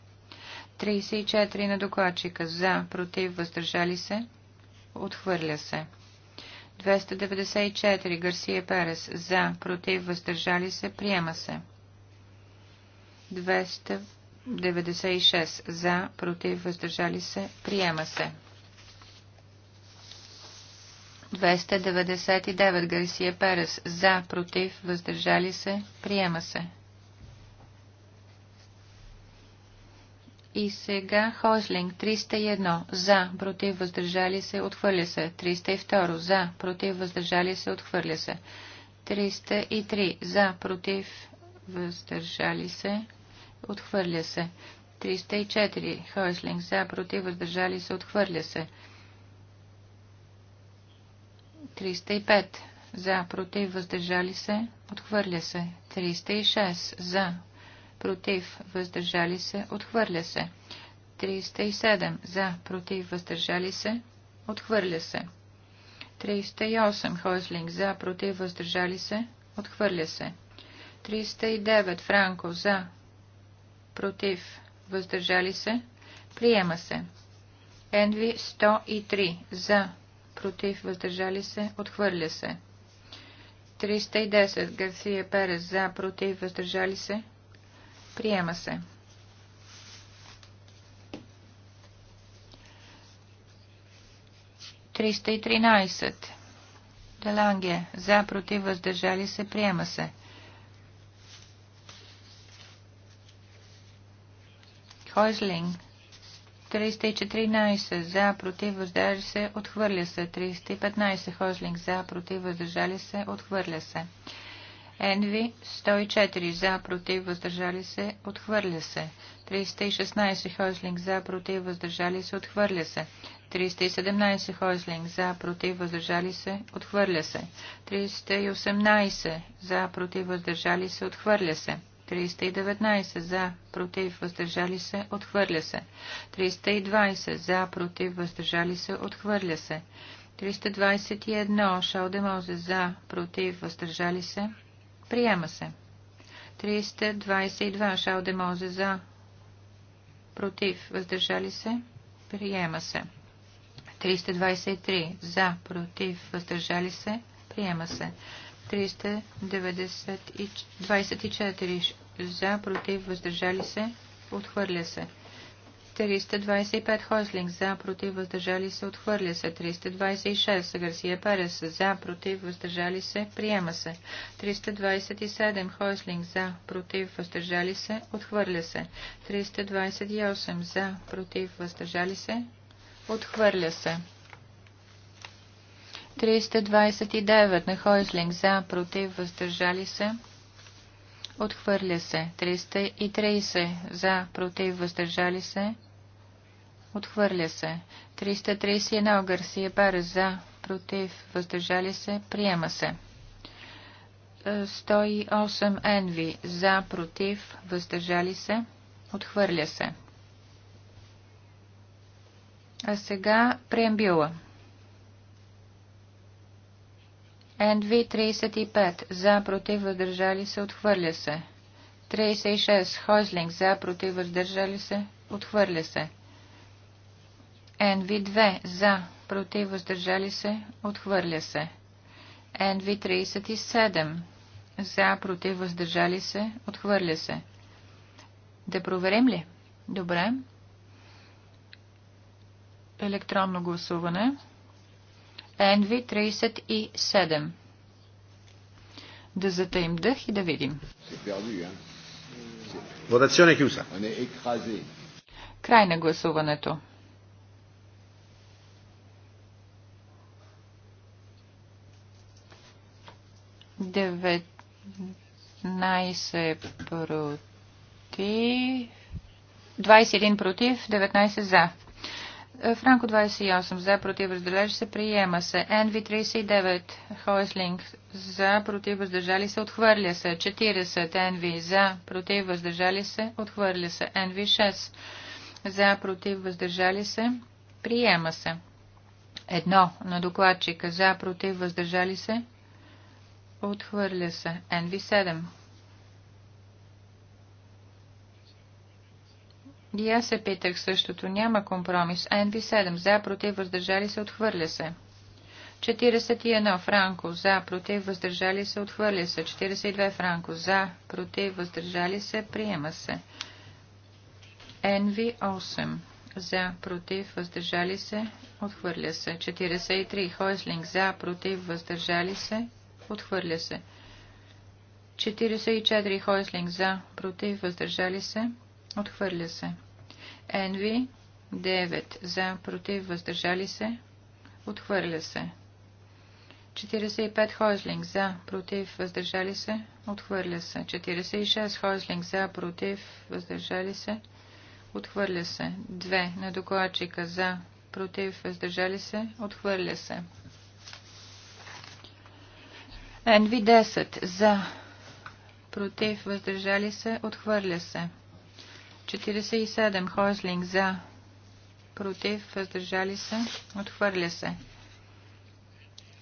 34 на докладчика за, против, въздържали се, отхвърля се. 294 Гарсия Перес за, против, въздържали се, приема се. 296 за, против, въздържали се, приема се. 299 Гарсия Перес за, против, въздържали се, приема се. И сега Хозлинг 301 за, против, въздържали се, отхвърля се. 302 за, против, въздържали се, отхвърля се. 303 за, против, въздържали се, отхвърля се. 304 Хойслинг за, против, въздържали се, отхвърля се. 305 за, против, въздържали се, отхвърля се. 306 за, против, въздържали се, отхвърля се. 307 за, против, въздържали се, отхвърля се. 308 Хойслинг за, против, въздържали се, отхвърля се. 309 Франко за, против, въздържали се, приема се. Енви 103 за, против, въздържали се, отхвърля се. 310 Гарсия Перес за, против, въздържали се, приема се. 313. Деланге. За, против, въздържали се, приема се. Хойзлинг. 314 за, против, въздържали се, отхвърля се. 315 Хозлинг за, против, въздържали се, отхвърля се. Енви 104 за, против, въздържали се, отхвърля се. 316 Хозлинг за, против, въздържали се, отхвърля се. 317 Хозлинг за, против, въздържали се, отхвърля се. 318 за, против, въздържали се, отхвърля се. 319 за, против, въздържали се, отхвърля се. 320 за, против, въздържали се, отхвърля се. 321 Шалдемозе за, против, въздържали се, приема се. 322 Шалдемозе за, против, въздържали се, приема се. 323 за, против, въздържали се, приема се. 324 за, против, въздържали се, отхвърля се. 325 Хойслинг за, против, въздържали се, отхвърля се. 326 Гарсия Перес за, против, въздържали се, приема се. 327 Хойслинг за, против, въздържали се, отхвърля се. 328 за, против, въздържали се, отхвърля се. 329 на Хойслинг за, против, въздържали се, Отхвърля се. 330 за, против, въздържали се. Отхвърля се. 331 Гарсия Бар за, против, въздържали се. Приема се. 108 Енви за, против, въздържали се. Отхвърля се. А сега преамбила. NV 35 за, против, въздържали се, отхвърля се. 36 Хойзлинг за, против, въздържали се, отхвърля се. NV 2 за, против, въздържали се, отхвърля се. NV 37 за, против, въздържали се, отхвърля се. Да проверим ли? Добре. Електронно гласуване. Енви 37. Да затаим дъх и да видим. Votazione chiusa. Край на гласуването. Деветнайсет против. един против, 19 за. Франко 28 за, против, въздържали се, приема се. НВ 39, Хойслинг за, против, въздържали се, отхвърля се. 40, Енви за, против, въздържали се, отхвърля се. НВ 6 за, против, въздържали се, приема се. Едно на докладчика за, против, въздържали се, отхвърля се. НВ 7 И аз се питах същото. Няма компромис. НВ7. За, против, въздържали се, отхвърля се. 41. Франко. За, против, въздържали се, отхвърля се. 42. Франко. За, против, въздържали се, приема се. НВ8. За, против, въздържали се, отхвърля се. 43. Хойслинг. За, против, въздържали се, отхвърля се. 44. Хойслинг. За, против, въздържали се, Отхвърля се. Енви 9 за, против, въздържали се. Отхвърля се. 45 Хойзлинг за, против, въздържали се. Отхвърля се. 46 Хойзлинг за, против, въздържали се. Отхвърля се. 2 на докладчика за, против, въздържали се. Отхвърля се. НВ 10 за, против, въздържали се. Отхвърля се. 47. Хойслинг за. Против. Въздържали се. Отхвърля се.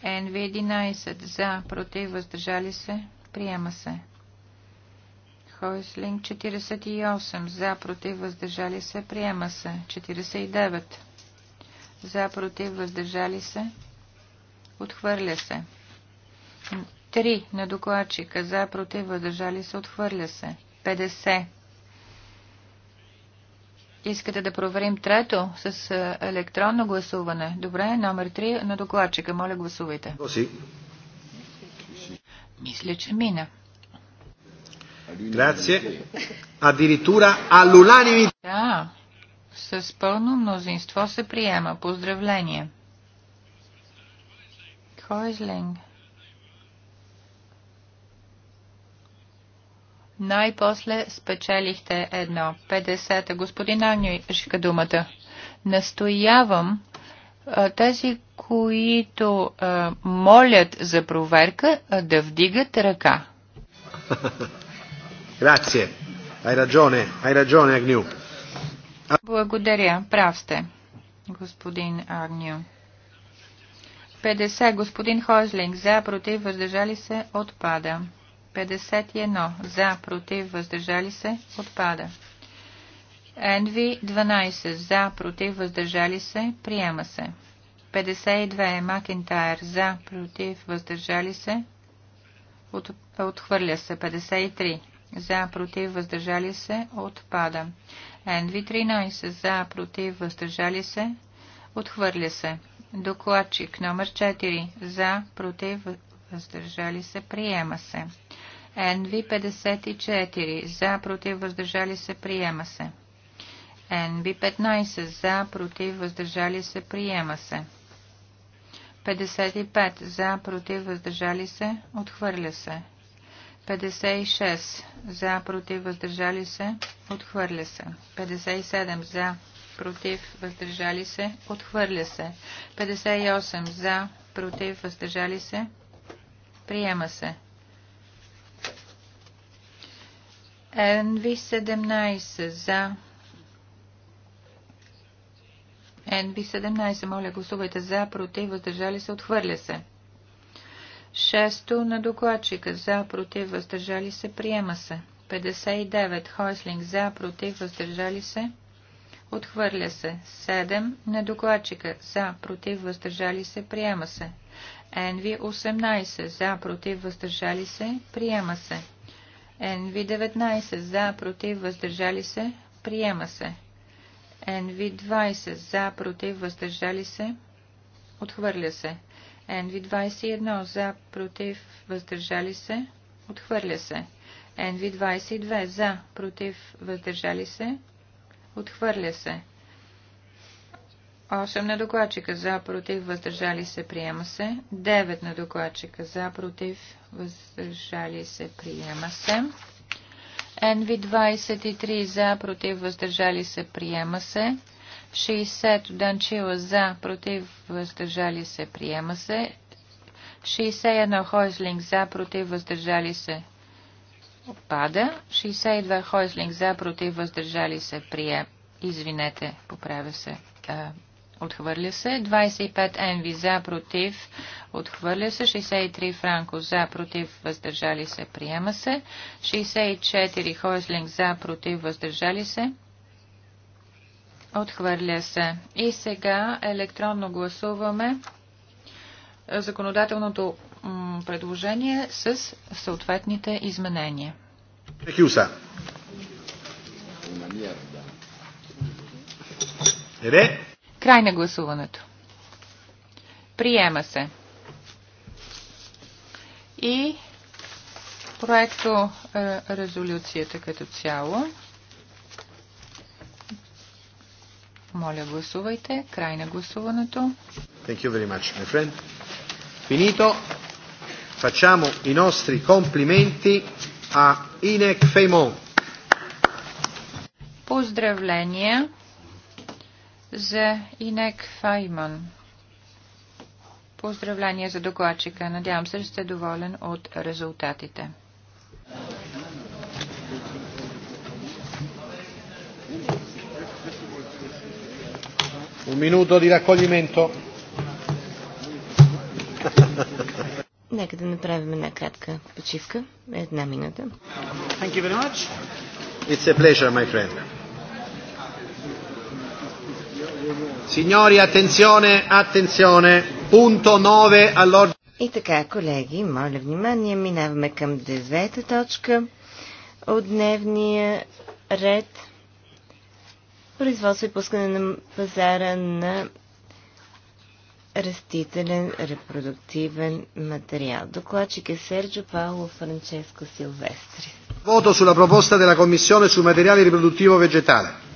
НВ-11 за. Против. Въздържали се. Приема се. Хойслинг 48. За. Против. Въздържали се. Приема се. 49. За. Против. Въздържали се. Отхвърля се. 3. На докладчика. За. Против. Въздържали се. Отхвърля се. 50. Искате да проверим трето с електронно гласуване. Добре, номер три на докладчика. Моля, гласувайте. Мисля, че мина. Грация. Адиритура алуланими. Да, с пълно мнозинство се приема. Поздравление. Хойзлинг. Най-после спечелихте едно. 50-та. Господин Агню, ще думата. Настоявам тези, които а, молят за проверка, а, да вдигат ръка. Грация. Ай раджоне, ай раджоне, Агню. Благодаря, прав сте, господин Агню. 50. Господин Хозлинг За, против, въздържали се, отпада. 51 за, против, въздържали се, отпада. NV 12 за, против, въздържали се, приема се. 52 Макентайр за, против, въздържали се, от, отхвърля се. 53 за, против, въздържали се, отпада. NV 13 за, против, въздържали се, отхвърля се. Докладчик номер 4 за, против, въздържали се, приема се. NV 54 за, против, въздържали се, приема се. NV 15 за, против, въздържали се, приема се. 55 за, против, въздържали се, отхвърля се. 56 за, против, въздържали се, отхвърля се. 57 за, против, въздържали се, отхвърля се. 58 за, против, въздържали се, Приема се. NV17 за. NV17, моля гласувайте за, против, въздържали се, отхвърля се. Шесто на докладчика за, против, въздържали се, приема се. 59 Хойслинг за, против, въздържали се, отхвърля се. 7 на докладчика за, против, въздържали се, приема се. NV18 за, против, въздържали се, приема се. NV19 за, против, въздържали се, приема се. NV20 за, против, въздържали се, отхвърля се. NV21 за, против, въздържали се, отхвърля се. NV22 за, против, въздържали се, отхвърля се. 8 на докладчика за, против, въздържали се, приема се. 9 на докладчика за, против, въздържали се, приема се. NV23 за, против, въздържали се, приема се. 60 Данчила за, против, въздържали се, приема се. 61 Хойслинг за, против, въздържали се, пада. 62 Хойслинг за, против, въздържали се, приема. Извинете, поправя се Отхвърля се. 25 Енви за, против. Отхвърля се. 63 Франко за, против. Въздържали се. Приема се. 64 Хойслинг за, против. Въздържали се. Отхвърля се. И сега електронно гласуваме законодателното предложение с съответните изменения. Chiusa. Ed е, Край на гласуването. Приема се. И проекто е, резолюцията като цяло. Моля, гласувайте. Край на гласуването. Thank you very much, my friend. Finito. Facciamo i nostri complimenti a Инек Феймон. Поздравления за Инек Файман. Поздравление за докладчика. Надявам се, че сте доволен от резултатите. Un minuto di raccoglimento. Нека да направим една кратка почивка. Една минута. Thank you very much. It's a pleasure, my friend. Signori, attenzione, attenzione. Punto 9 all'ordine. И така, колеги, моля внимание, минаваме към девета точка от дневния ред. Производство и пускане на пазара на растителен репродуктивен материал. Докладчик е Серджо Пауло Франческо Силвестри. Вото sulla proposta della Commissione sul materiale riproduttivo vegetale.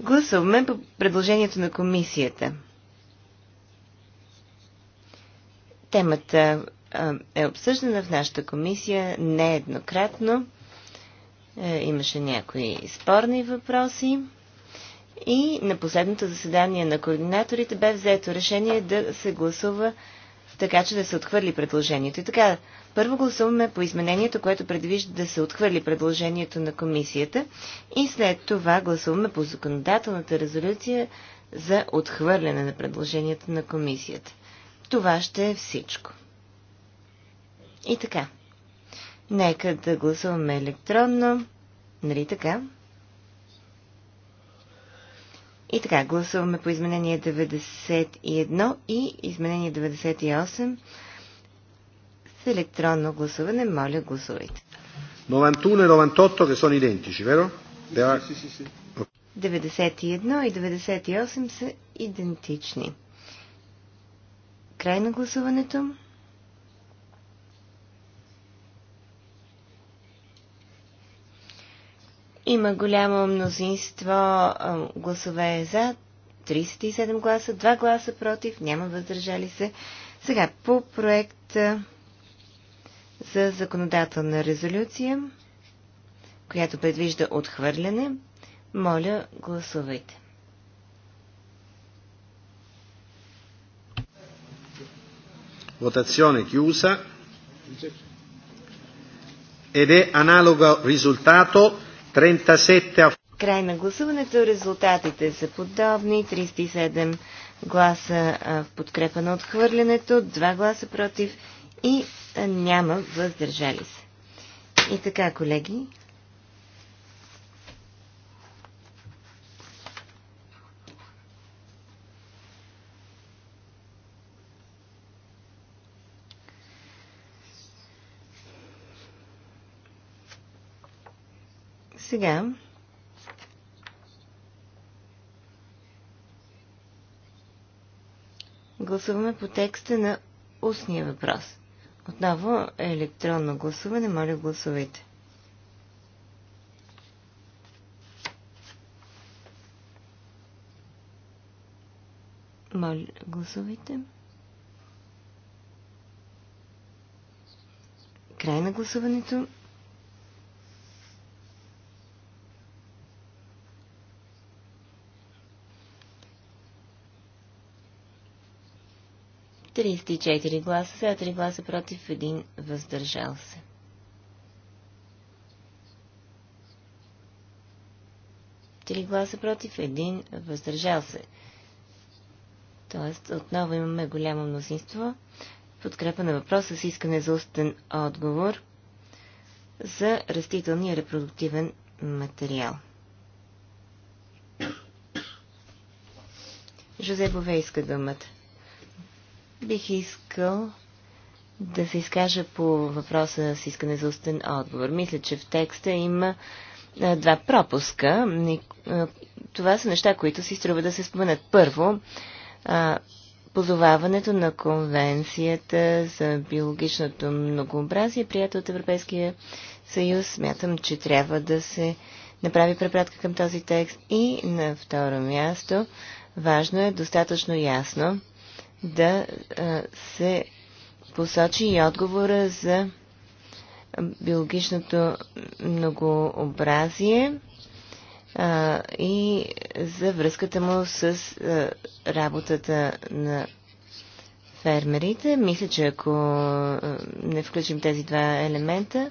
Гласуваме по предложението на комисията. Темата е обсъждана в нашата комисия нееднократно. Е, имаше някои спорни въпроси. И на последното заседание на координаторите бе взето решение да се гласува така че да се отхвърли предложението. И така, първо гласуваме по изменението, което предвижда да се отхвърли предложението на комисията и след това гласуваме по законодателната резолюция за отхвърляне на предложението на комисията. Това ще е всичко. И така. Нека да гласуваме електронно. Нали така? И така, гласуваме по изменение 91 и изменение 98 с електронно гласуване. Моля, гласувайте. 91 и 98, са идентични, веро? Да, си, си, си. 91 и 98 са идентични. Край на гласуването. Има голямо мнозинство гласове за, 37 гласа, 2 гласа против, няма въздържали се. Сега по проект за законодателна резолюция, която предвижда отхвърляне, моля гласувайте. Votazione chiusa ed è analogo risultato 37... Край на гласуването. Резултатите са подобни. 37 гласа в подкрепа на отхвърлянето, 2 гласа против и няма въздържали се. И така, колеги, Сега гласуваме по текста на устния въпрос. Отново електронно гласуване. Моля, гласувайте. Моля, гласувайте. Край на гласуването. 34 гласа за, 3 гласа против, 1 въздържал се. Три гласа против, един въздържал се. Тоест, отново имаме голямо мнозинство. Подкрепа на въпроса с искане за устен отговор за растителния репродуктивен материал. Жозе Бове иска думата. Бих искал да се изкажа по въпроса с искане за устен отговор. Мисля, че в текста има два пропуска. Това са неща, които си струва да се споменат. Първо, позоваването на конвенцията за биологичното многообразие, прията от Европейския съюз, смятам, че трябва да се направи препратка към този текст. И на второ място, важно е достатъчно ясно да се посочи и отговора за биологичното многообразие а, и за връзката му с а, работата на фермерите. Мисля, че ако а, не включим тези два елемента,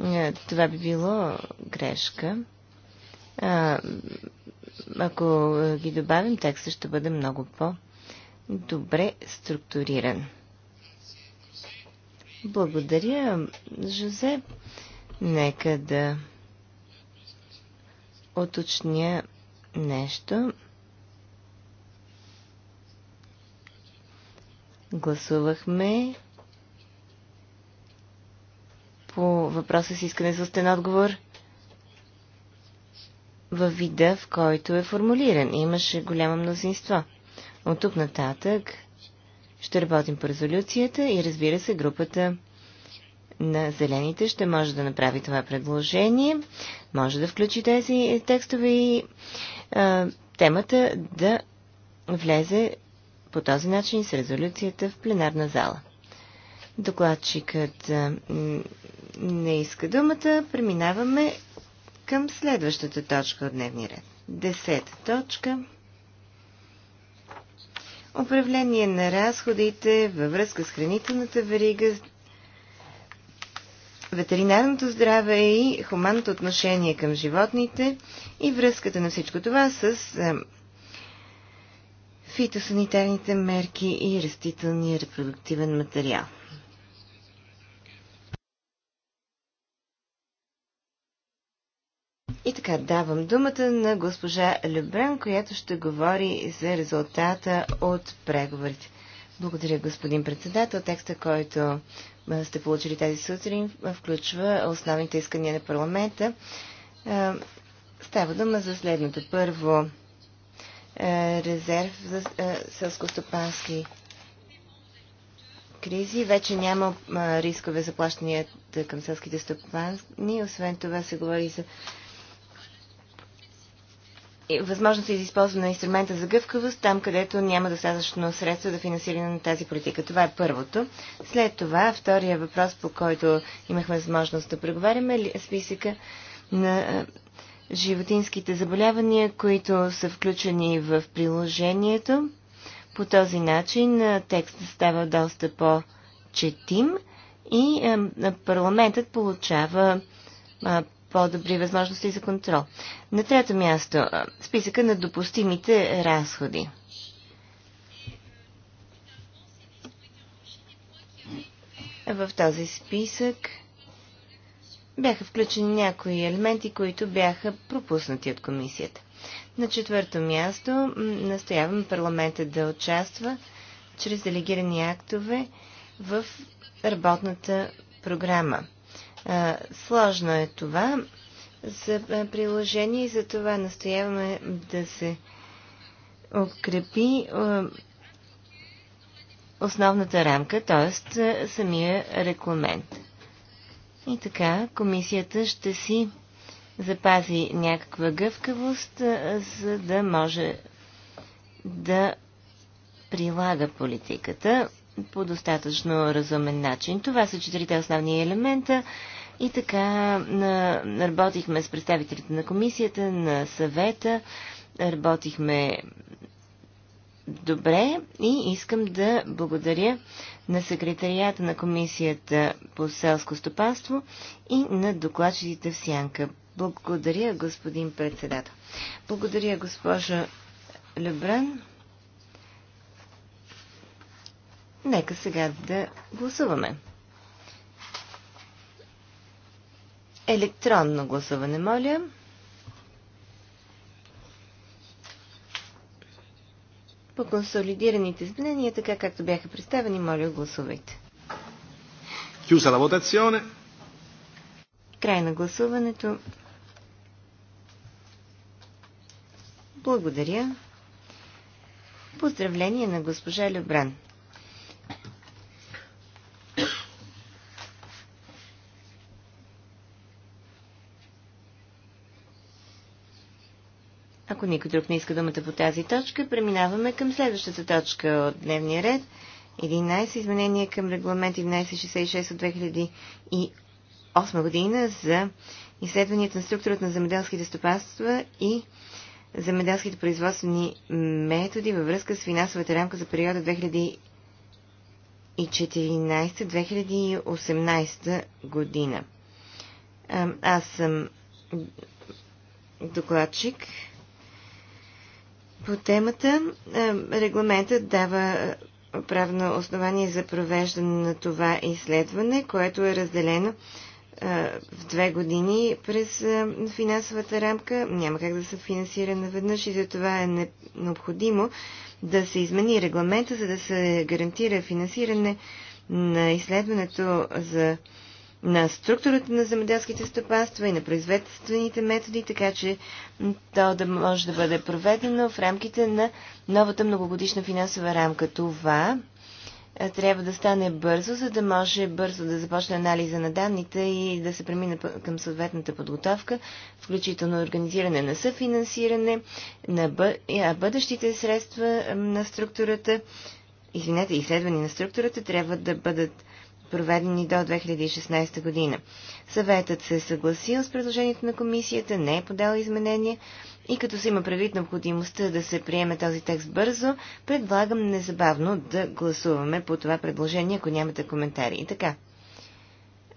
а, това би било грешка. А, ако ги добавим, текстът ще бъде много по- добре структуриран. Благодаря, Жозе. Нека да оточня нещо. Гласувахме по въпроса с искане за устен отговор във вида, в който е формулиран. Имаше голямо мнозинство. От тук нататък ще работим по резолюцията и разбира се, групата на зелените ще може да направи това предложение, може да включи тези текстове и а, темата да влезе по този начин с резолюцията в пленарна зала. Докладчикът не иска думата. Преминаваме към следващата точка от дневния ред. Десета точка управление на разходите във връзка с хранителната верига, ветеринарното здраве и хуманното отношение към животните и връзката на всичко това с фитосанитарните мерки и растителния репродуктивен материал. И така, давам думата на госпожа Любрен, която ще говори за резултата от преговорите. Благодаря, господин председател. Текста, който сте получили тази сутрин, включва основните искания на парламента. Става дума за следното. Първо, резерв за селско-стопански. кризи. Вече няма рискове за плащанията към селските стопани. Освен това се говори за е, възможност за използване на инструмента за гъвкавост там, където няма достатъчно средства за да финансиране на тази политика. Това е първото. След това, втория въпрос, по който имахме възможност да преговаряме, е списъка на е, животинските заболявания, които са включени в приложението. По този начин е, текстът става доста по-четим и парламентът получава по-добри възможности за контрол. На трето място, списъка на допустимите разходи. В този списък бяха включени някои елементи, които бяха пропуснати от комисията. На четвърто място настоявам парламента да участва чрез делегирани актове в работната програма сложно е това за приложение и за това настояваме да се укрепи основната рамка, т.е. самия регламент. И така, комисията ще си запази някаква гъвкавост, за да може да прилага политиката по достатъчно разумен начин. Това са четирите основни елемента. И така на, работихме с представителите на комисията, на съвета, работихме добре и искам да благодаря на секретарията на комисията по селско стопанство и на докладчиците в Сянка. Благодаря, господин председател. Благодаря, госпожа Лебран. Нека сега да гласуваме. Електронно гласуване, моля. По консолидираните изменения, така както бяха представени, моля гласувайте. Chiusa на вотационе. Край на гласуването. Благодаря. Поздравление на госпожа Любран. Ако никой друг не иска думата по тази точка, преминаваме към следващата точка от дневния ред. 11 изменения към регламент 1166 от 2008 година за изследванията на структурата на земеделските стопанства и земеделските производствени методи във връзка с финансовата рамка за периода 2014-2018 година. Аз съм докладчик по темата. Е, регламентът дава правно основание за провеждане на това изследване, което е разделено е, в две години през е, финансовата рамка. Няма как да се финансира наведнъж и за това е необходимо да се измени регламента, за да се гарантира финансиране на изследването за на структурата на земеделските стопанства и на производствените методи, така че то да може да бъде проведено в рамките на новата многогодишна финансова рамка. Това трябва да стане бързо, за да може бързо да започне анализа на данните и да се премине към съответната подготовка, включително организиране на съфинансиране, на бъ... бъдещите средства на структурата, извинете, изследвания на структурата трябва да бъдат проведени до 2016 година. Съветът се е съгласил с предложението на комисията, не е подал изменения и като се има правит необходимостта да се приеме този текст бързо, предлагам незабавно да гласуваме по това предложение, ако нямате коментари. И така,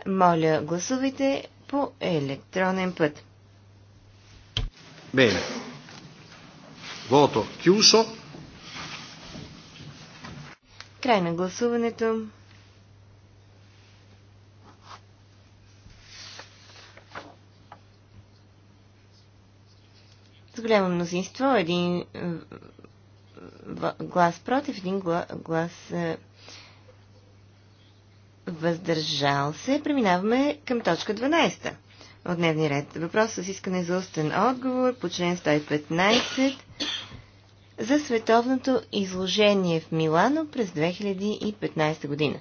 моля, гласувайте по електронен път. Бене. Вото chiuso. Край на гласуването. с голямо мнозинство, един е, глас против, един глас е, въздържал се. Преминаваме към точка 12 от дневния ред. Въпрос с искане за устен отговор по член 115 за световното изложение в Милано през 2015 година.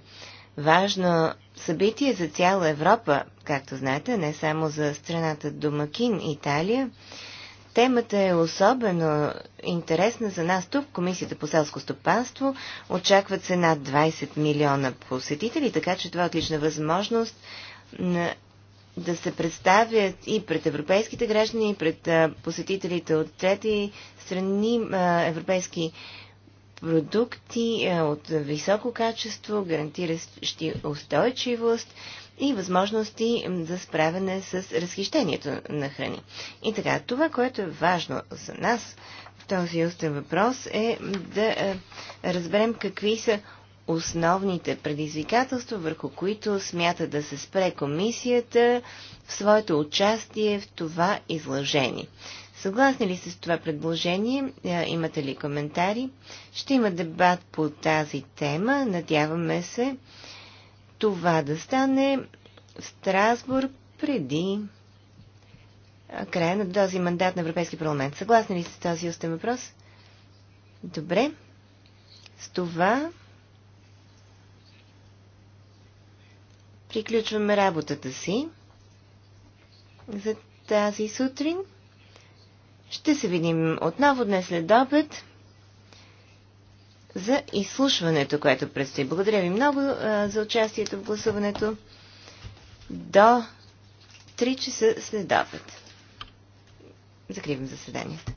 Важно събитие за цяла Европа, както знаете, не само за страната Домакин Италия, Темата е особено интересна за нас тук, Комисията по селско стопанство. Очакват се над 20 милиона посетители, така че това е отлична възможност на, да се представят и пред европейските граждани, и пред посетителите от трети страни европейски продукти от високо качество, гарантиращи устойчивост и възможности за справяне с разхищението на храни. И така, това, което е важно за нас в този устен въпрос е да е, разберем какви са основните предизвикателства, върху които смята да се спре комисията в своето участие в това изложение. Съгласни ли сте с това предложение? Е, имате ли коментари? Ще има дебат по тази тема. Надяваме се това да стане в Страсбург преди края на този мандат на Европейски парламент. Съгласни ли с този устен въпрос? Добре. С това приключваме работата си за тази сутрин. Ще се видим отново днес след обед за изслушването, което предстои. Благодаря ви много а, за участието в гласуването. До 3 часа след обед. Закривам заседанието.